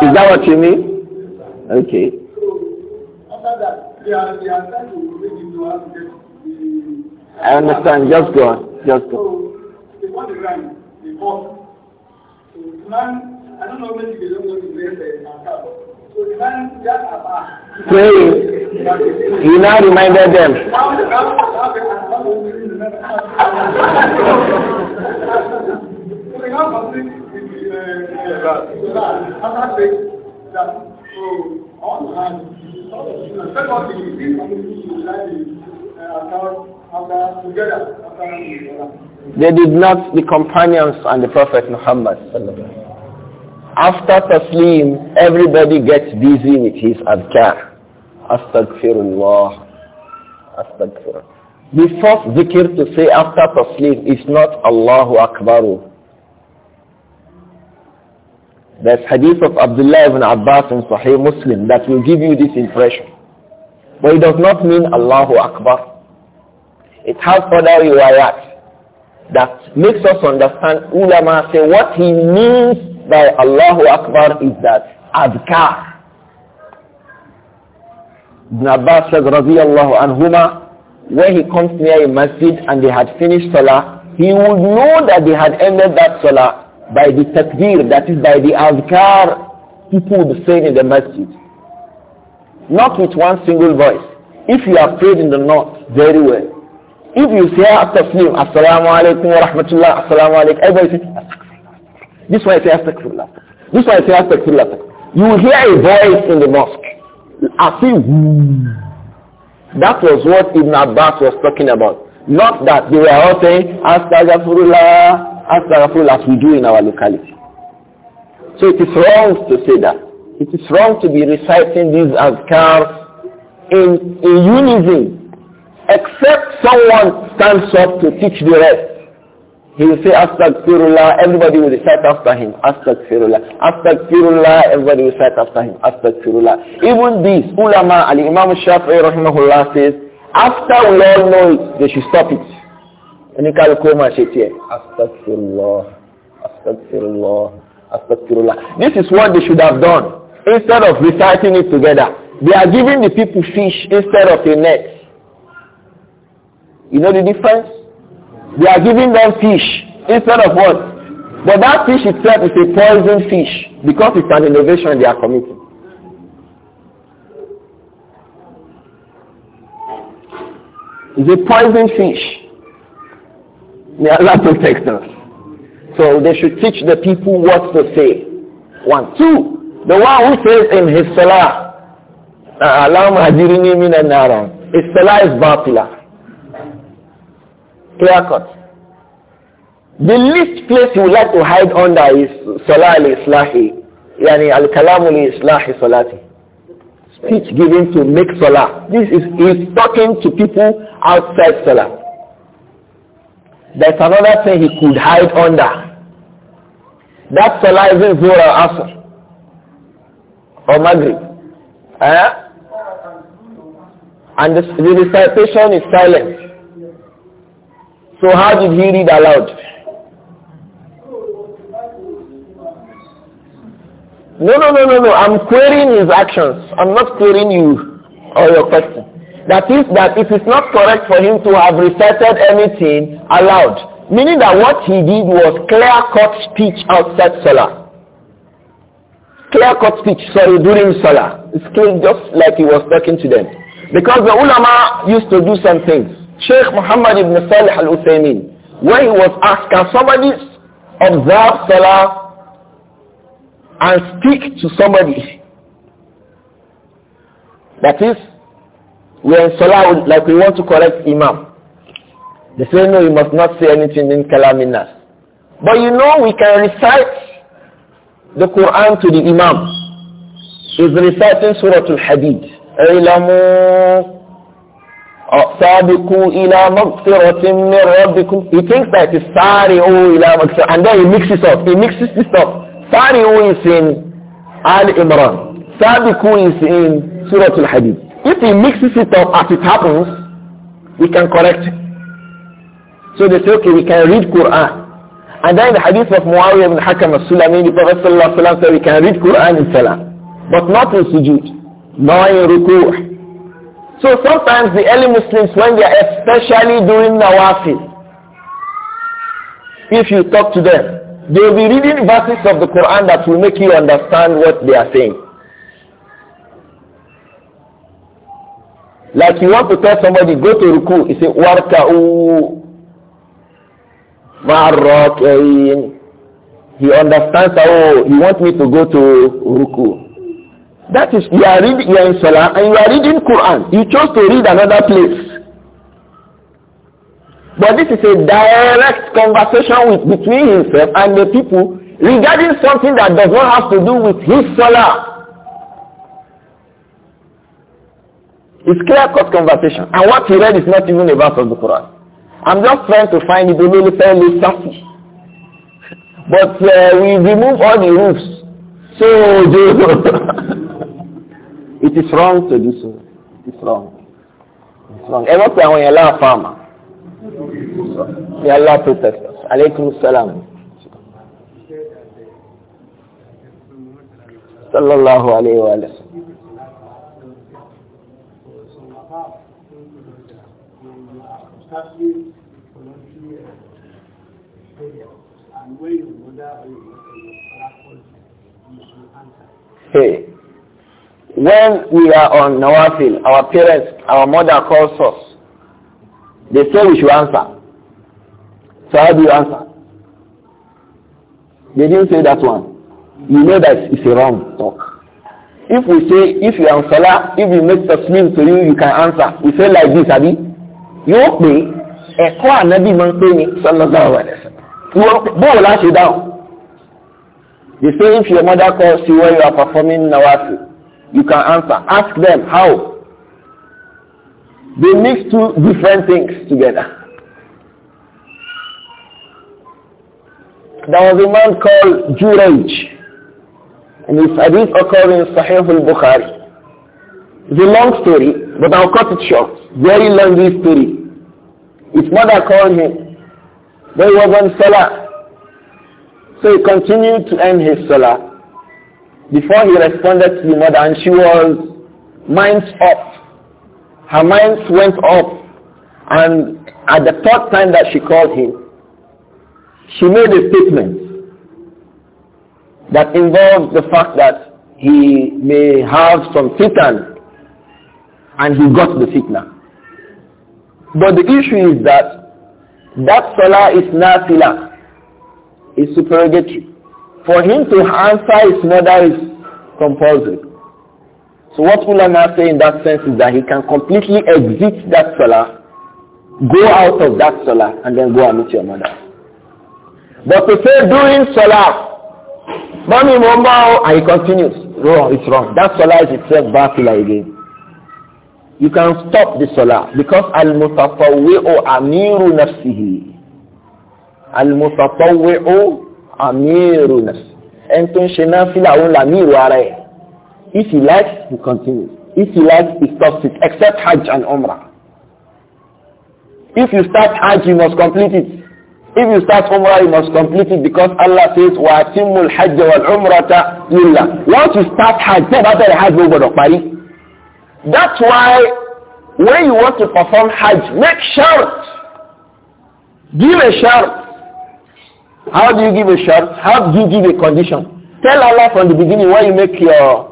Is that what you mean? Okay. I understand. Just go on. Yes, sir. So, before the grant, before, the man, I don't know when they don't go to raise the matter. So the man just about praying. He now reminded them. so they now complete with uh, uh, after saying that, so on hand, secondly, this is the account They did not, the companions and the Prophet Muhammad. After Taslim, everybody gets busy with his adhkar. Astaghfirullah. Astaghfirullah. The first zikr to say after Taslim is not Allahu Akbar. There's hadith of Abdullah ibn Abbas in Sahih Muslim that will give you this impression. But it does not mean Allahu Akbar. It has further riwayat that makes us understand ulama say what he means by Allahu Akbar is that adkar. Ibn Abbas says radiallahu anhuma when he comes near a masjid and they had finished salah, he would know that they had ended that salah by the takbir, that is by the adkar people would say in the masjid. Not with one single voice. If you are prayed in the north, very well. If you say after ah, Taslim, Assalamu alaikum wa rahmatullah, Assalamu alaikum, everybody says, This one I say Astaghfirullah. This one I say Astaghfirullah. You will hear a voice in the mosque. I see. That was what Ibn Abbas was talking about. Not that they were all saying, Astaghfirullah, Astaghfirullah, as we do in our locality. So it is wrong to say that. It is wrong to be reciting these azkar in, in unison except someone stands up to teach the rest. He will say Astaghfirullah, everybody will recite after him. Astaghfirullah. Astaghfirullah, everybody will recite after him. Astaghfirullah. Even this ulama, Ali Imam Shafi'i rahimahullah says, after we all know it, they should stop it. And you can come and say, Astaghfirullah, Astaghfirullah, Astaghfirullah. This is what they should have done. Instead of reciting it together, they are giving the people fish instead of a net. You know the difference? They are giving them fish instead of what? But that fish itself is a poisoned fish because it's an innovation they are committing. It's a poisoned fish. They Allah protect us. So they should teach the people what to say. One. Two, the one who says in his salah, Allahumma hajirini minan nara. His salah is batila. Clear cut. The least place you would like to hide under is Salah al-Islahi. Yani al-Kalamu al-Islahi Salati. Speech given to make Salah. This is, is talking to people outside Salah. That's another thing he could hide under. That Salah isn't Zohar Asr. Or Maghrib. Eh? And the, the recitation is silent. So how did he read aloud? No, no, no, no, no. I'm querying his actions. I'm not querying you or your question. That is that it is not correct for him to have recited anything aloud. Meaning that what he did was clear-cut speech outside Salah. Clear-cut speech, sorry, during Salah. It's clear, just like he was talking to them. Because the ulama used to do some things. Sheikh Muhammad ibn Salih al-Uthaymeen, when he was asked, can somebody observe Salah and speak to somebody? That is, we are in Salah like we want to correct Imam. They say, no, you must not say anything in Kalaminas. But you know, we can recite the Quran to the Imam. He's reciting Surah Al-Hadid. سابقوا إلى مغفرة من ربكم he thinks that it's سارعوا إلى مغفرة and then he mixes up he mixes this up سارعوا is in آل إمران سابقوا is in سورة الحديد if he mixes it up as it happens we can correct it so they say okay we can read Quran and then the hadith of Muawiyah ibn Hakam al-Sulami the Prophet sallallahu alaihi wasallam said we can read Quran in Salah but not in sujood nor in ruku' So sometimes the early Muslims, when they are especially doing nawafil, if you talk to them, they will be reading verses of the Quran that will make you understand what they are saying. Like you want to tell somebody, go to ruku, you say, warka'u ma'arraqain. He understands, oh, you want me to go to ruku. That is, you are, reading you are in Salah and you are reading Quran. You chose to read another place. But this is a direct conversation with, between himself and the people regarding something that does not have to do with his Salah. It's clear-cut conversation. And what he read is not even a verse of the Quran. I'm just trying to find it a little fairly sassy. But uh, we remove all the roofs. So, It is wrong to do so. It is wrong. It's wrong. Ẹ wọ́n pe àwọn yẹn láàfáà mà. Ní Allah protect us. Aleykum salam. Sallallahu alayhi wa alayhi. Hey when we are on Nawafil, our parents, our mother calls us. They say we should answer. So how do you answer? They didn't say that one. You know that it's a wrong talk. If we say, if you are Salah, if we make Taslim to you, you can answer. We say like this, Abi. You pay. Ẹ̀kọ́ ànábì man ń me, ní sallallahu alaihi wasallam. Wọ́n lash láti down. They say if your mother calls you when you are performing Nawafil, you can answer. Ask them how. They mix two different things together. There was a man called Juraj. And his hadith occurred in Sahih al-Bukhari. It's a long story, but I'll cut it short. Very long story. His mother called him. But he was on Salah. So he continued to end his Salah. Before he responded to the mother and she was minds up. Her minds went up. And at the third time that she called him, she made a statement that involved the fact that he may have some fitan and he got the fitna. But the issue is that that salah is nafilah, is supererogatory for him to answer his mother is compulsory. So what ulama say in that sense is that he can completely exit that salah, go out of that salah, and then go and meet your mother. But to say doing salah, mommy, mama, and he continues, no, it's wrong. That salah is itself batila again. You can stop the salah because al-mutatawwi'u amiru nafsihi. Al-mutatawwi'u amirun ẹni tó ń ṣe náfìlà ara ẹ̀ if he likes he continues if he likes he stops it except hajj and umrah if you start hajj you must complete it if you start umrah you must complete it because Allah says wa atimul hajj wal umrata illa. once you start hajj then after the hajj ló gbọ́dọ̀ parí that's why when you want to perform hajj make sure give a shout how do you give a shot? How do you give a condition? Tell Allah from the beginning why you make your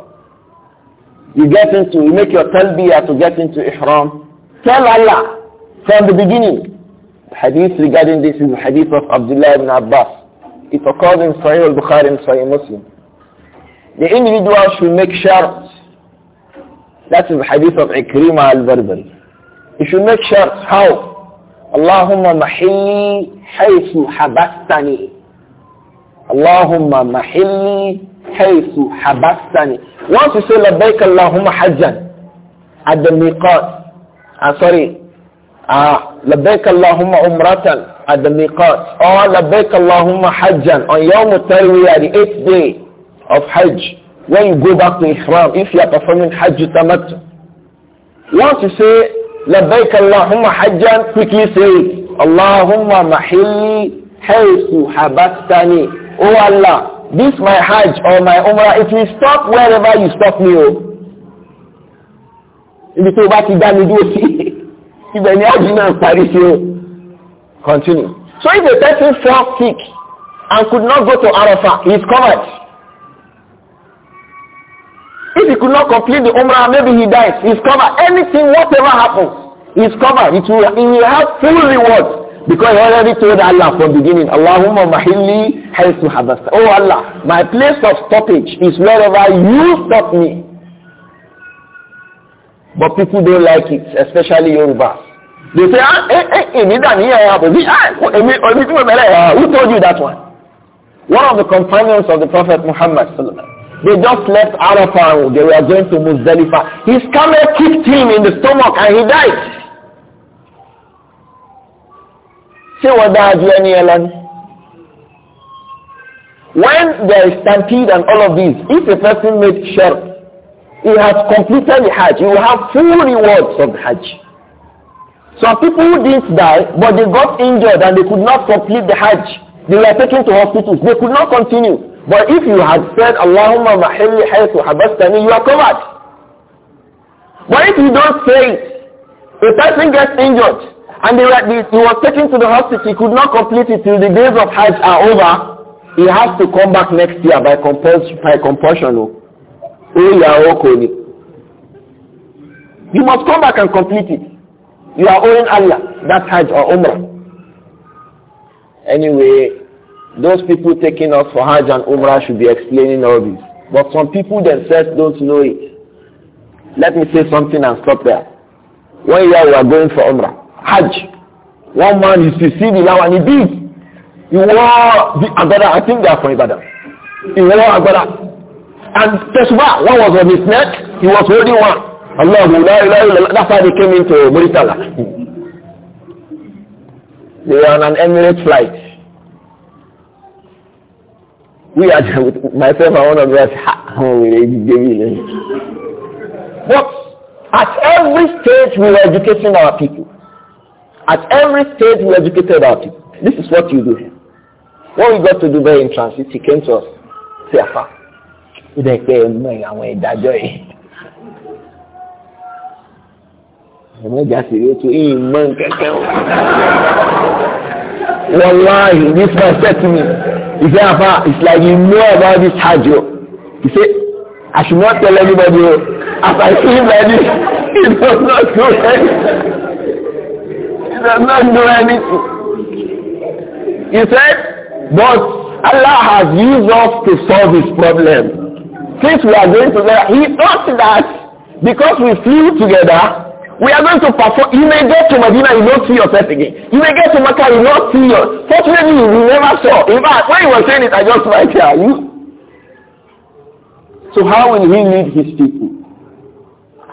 you get into you make your talbiyah to get into ihram. Tell Allah from the beginning. hadith regarding this is the hadith of Abdullah ibn Abbas. It occurs in Sahih al-Bukhari and Sahih Muslim. The individual should make shart. That is the hadith of Ikrimah al-Barbari. He should make shart. How? اللهم محني حيث حبستني اللهم محني حيث حبستني وانت سي لبيك اللهم حجا عند الميقات آه سوري آه لبيك اللهم عمرة عند الميقات أو آه لبيك اللهم حجا on يوم التروية the eighth day of حج when you go back to إحرام if you are performing حج تمتع وانت سي لبيك اللهم hajjan quickly say allahumma mahilli حيث حبستني oh الله this my hajj or my umrah it will stop wherever you stop me o ibi tó o bá ti dá mi dúró sí ibẹ̀ ni hajj náà parí sí o continue so if a person fall sick and could not go to arafah he is covered. If he could not complete the Umrah, maybe he dies. He's covered. Anything, whatever happens, he's covered. It will, he will have full reward. Because he already told Allah from the beginning, Allahumma mahilli haythu habasta. Oh Allah, my place of stoppage is wherever you stop me. But people don't like it, especially Yoruba. They say, ah, eh, eh, èmi dàní ẹ̀ àbòbí, who told you that one? One of the companions of the Prophet Muhammad sallallahu they just left Arafah they were going to Muzdalifah. His camel kicked him in the stomach and he died. See what that any Alan. When there is stampede and all of these, if a person makes sure he has completed the Hajj, he will have full rewards of the Hajj. Some people who didn't die, but they got injured and they could not complete the Hajj. They were taken to hospitals. They could not continue. But if you had said, Allahumma mahilli haythu habastani, you are covered. But if you don't say it, a person gets injured and he was taken to the hospital, he could not complete it till the days of Hajj are over, he has to come back next year by, compuls by compulsion. Oh. You must come back and complete it. You are owing Allah, that Hajj or Umrah. Anyway, Those people taking us for Hajj and Umrah should be explaining all this. But some people themselves don't know it. Let me say something and stop there. One year we are going for Umrah. Hajj. One man is to see the now and he did. He wore the Agbada. I think they are from Ibadan. He wore Agbada. And Teshba, one was on his neck. He was holding one. Allah, that's how they came into Muritala. they were on an Emirates flight. We are myself and one of us. But at every stage we were educating our people. At every stage we educated our people. This is what you do here. When we got to Dubai in transit, he came to us. Say, aha. Ó dẹ̀ pé ẹ̀mọ́ àwọn ìdájọ́ yìí. Ẹ̀mọ́ ìjà sì rí o tó ìmọ̀ kẹ́kẹ́ o. Wọ́n láàyè ní fún ọ̀sẹ̀ tí mi. He said, Afa, it's like you know about this Hajj. Oh. He said, I should not tell anybody. Oh. As I see him like this, he does not do anything. He does not do anything. He said, but Allah has used us to solve his problem. Since we are going to, he thought that because we flew together, We are going to perform. You may get to Medina, you don't see yourself again. You may get to Mecca, you don't see yourself. Fortunately, you never saw. In fact, when you were saying it, I just like, yeah, you. So how will he lead his people?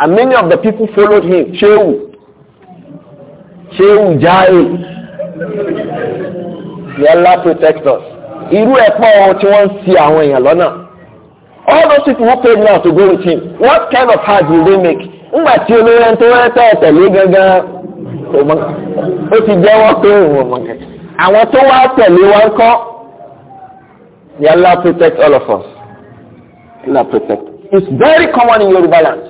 And many of the people followed him. Shehu. Shehu Jai. May Allah protect us. Irú ẹ̀pọ̀ ọ̀hún tí All those people who paid now to go with him, what kind of hajj will they make? ńgbà tí olórí ẹni tó rẹ́ tẹ́ tẹ̀lé gangan ó ti jẹ́wọ́ pé òun mọ̀ kẹ́ àwọn tó wá tẹ̀lé wa ń kọ́ ni Allah protect all of us Allah protect it's very common in Yoruba land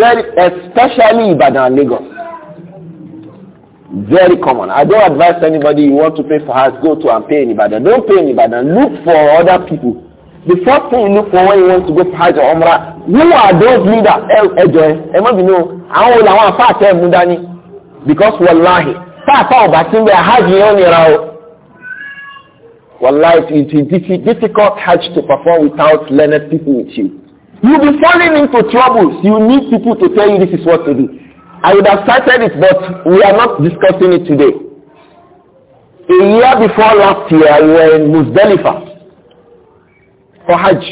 very especially Ibadan and Lagos very common. I don't advise anybody you want to pay for house, go to and pay in Ibadan. Don't pay in Ibadan. Look for other people the first thing you look for when you want to go for hajj or umrah who are those leaders ẹ jọ ẹ ẹ má bínú àwọn wo làwọn afa àtẹ mú dání because wàláhì fáàfà ọba tí ń bẹ hajj yẹn ó nira o wàláhì it is difficult hajj to perform without learned people with you you be falling into troubles you need people to tell you this is what to do i would have started it but we are not discussing it today a year before last year we were muzdalifah for Hajj.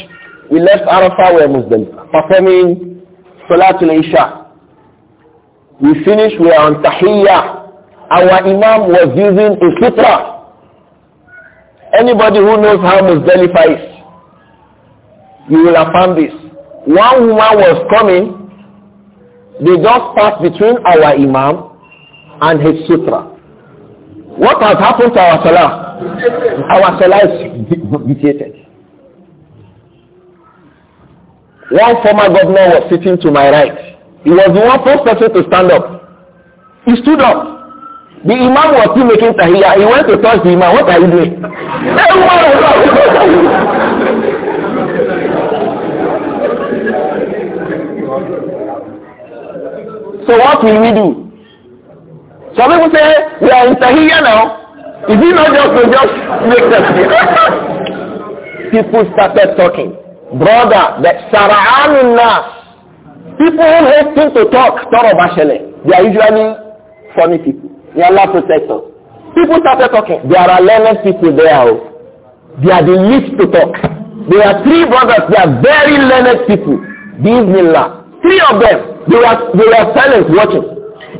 We left Arafah, we were Muslim, performing Salatul Isha. We finished, we are on Tahiyah. Our Imam was using a sutra. Anybody who knows how Muzdalifah is, you will affirm this. One woman was coming, they just passed between our Imam and his sutra. What has happened to our Salah? Our Salah is vitiated. One former governor was sitting to my right. He was the one first person to stand up. He stood up. The imam was still making tahiyah. He went to touch the imam. What are you doing? so what will we do? Some people say, we are in tahiyah now. Is it not just to just make them People started talking brother that sara'anun nas people who hate to talk tọrọ bá ṣẹlẹ̀ they are usually funny people they are not protectors people started talking They are learned people there o oh. they are the least to talk They are three brothers they are very learned people bismillah three of them they were they were silent watching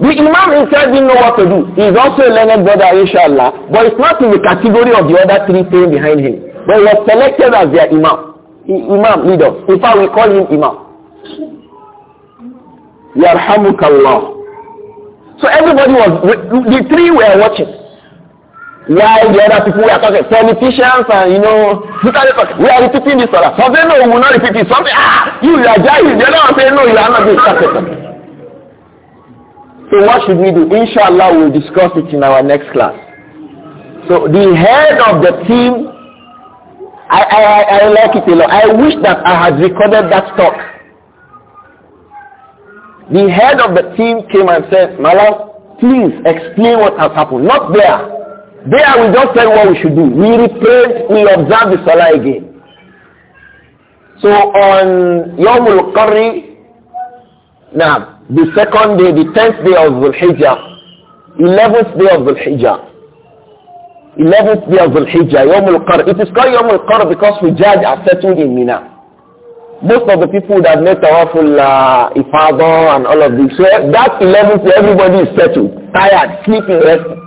the imam himself didn't know what to do he is also a learned brother inshallah but it's not in the category of the other three staying behind him but he was selected as their imam Imam leader. In fact, we call him Imam. Yarhamukallah. So everybody was, the three were watching. While the other people were talking, politicians and you know, look at we are repeating this salah. Some say no, we will not repeat it. Some say, ah, you are jahil. The other one say no, you are not doing salah. So what should we do? Inshallah, we will discuss it in our next class. So the head of the team I, I, I like it a lot. I wish that I had recorded that talk. The head of the team came and said, Malam, please explain what has happened. Not there. There we just tell what we should do. We repent, we observe the Salah again. So on Yomul now, the second day, the tenth day of the Hijjah, eleventh day of the Hijjah, 11th day of Al-Hijjah, Yom Al-Qar. It is called Yom Al-Qar because judge are settled in Mina. Most of the people that made Tawaful uh, Ifada and all of this, so that 11th day everybody is settled, tired, sleeping, resting.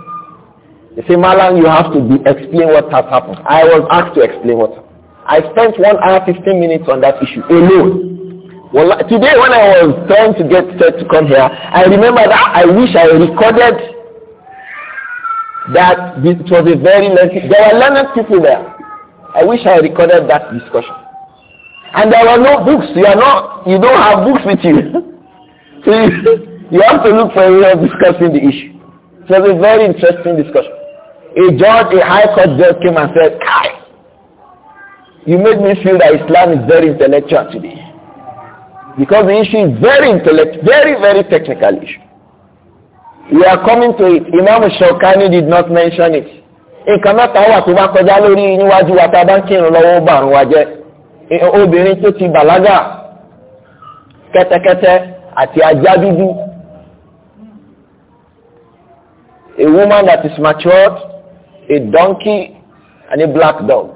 They say, Malang, you have to be, explain what has happened. I was asked to explain what happened. I spent one hour, 15 minutes on that issue alone. Well, today when I was trying to get set to come here, I remember that I wish I recorded that it was a very lengthy. There were learned people there. I wish I recorded that discussion. And there were no books. You are not. You don't have books with you. so you, you have to look for a way discussing the issue. It was a very interesting discussion. A judge, a high court judge came and said, Kai, you made me feel that Islam is very intellectual today. Because the issue is very intellectual, very, very technical issue. we are coming to it imam shokani did not mention it nǹkan mẹ́ta wà tó bá kọjá lórí níwájú wa tá a bá ń kírun lọ́wọ́ ó bàrún wa jẹ́ obìnrin tó ti bàlágà kẹ́tẹ́kẹ́tẹ́ àti ajá dúdú a woman that is matured a donkey and a black dog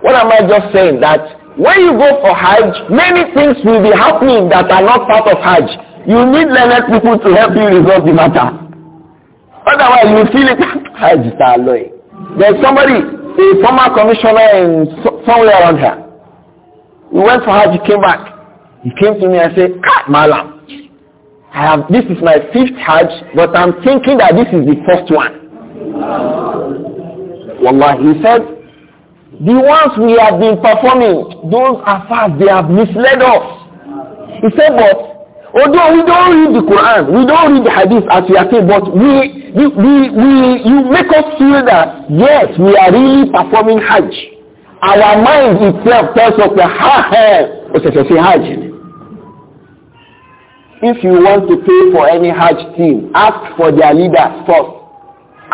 what am I just saying that when you go for hajj many things will be happening that are not part of hajj You need learned people to help you resolve the matter. Otherwise, you feel it. Hajj There is somebody, a former commissioner in somewhere around here. We went for Hajj, he came back. He came to me and say, Kat Malam, I have, this is my fifth Hajj, but I'm thinking that this is the first one. Wallah, he said, the ones we have been performing, those are fast, they have misled us. He said, but Although we don't read the Quran, we don't read the Hadith as we are saying, but we, we, we, you make us feel that, yes, we are really performing Hajj. Our mind itself tells us that, ha ha, o ṣẹ̀ṣẹ̀ ṣe Hajj. If you want to pay for any Hajj team, ask for their leader first.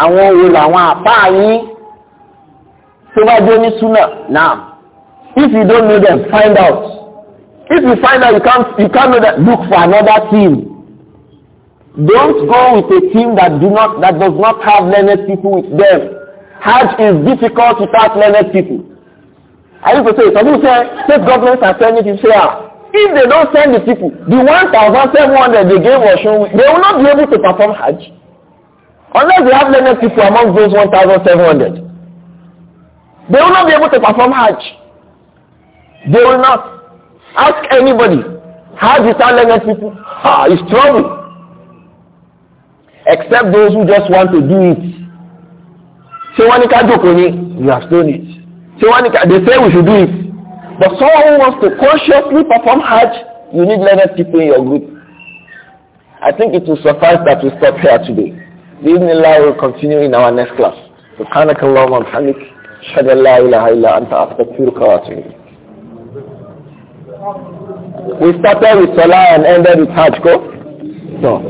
Àwọn wo làwọn àpá yín tó bá dé ní Sunnah? Now, if you don't know them, find out. If you find out you can't, you can't look for another team. Don't go with a team that do not that does not have learned people with them. Hajj is difficult without learned people. I used to say, some people say, state governments are sending people, say, ah, if they don't send the people, the 1,700 they gave us, they will not be able to perform Hajj. Unless they have learned people among those 1,700. They will not be able to perform Hajj. They will not. Ask anybody. How do you start learning people? Ah, it's trouble. Except those who just want to do it. Ṣé when ní do jókòó ni? You have done it. Ṣé when ní ká they say we should do it. But someone who wants to consciously perform Hajj, you need learned people in your group. I think it will suffice that we stop here today. evening الله will continue in our next class. سبحانك اللهم وبحمدك أشهد أن لا إله إلا أنت أستغفرك وأتوب إليك We started with solar and ended with Hajj, go? No.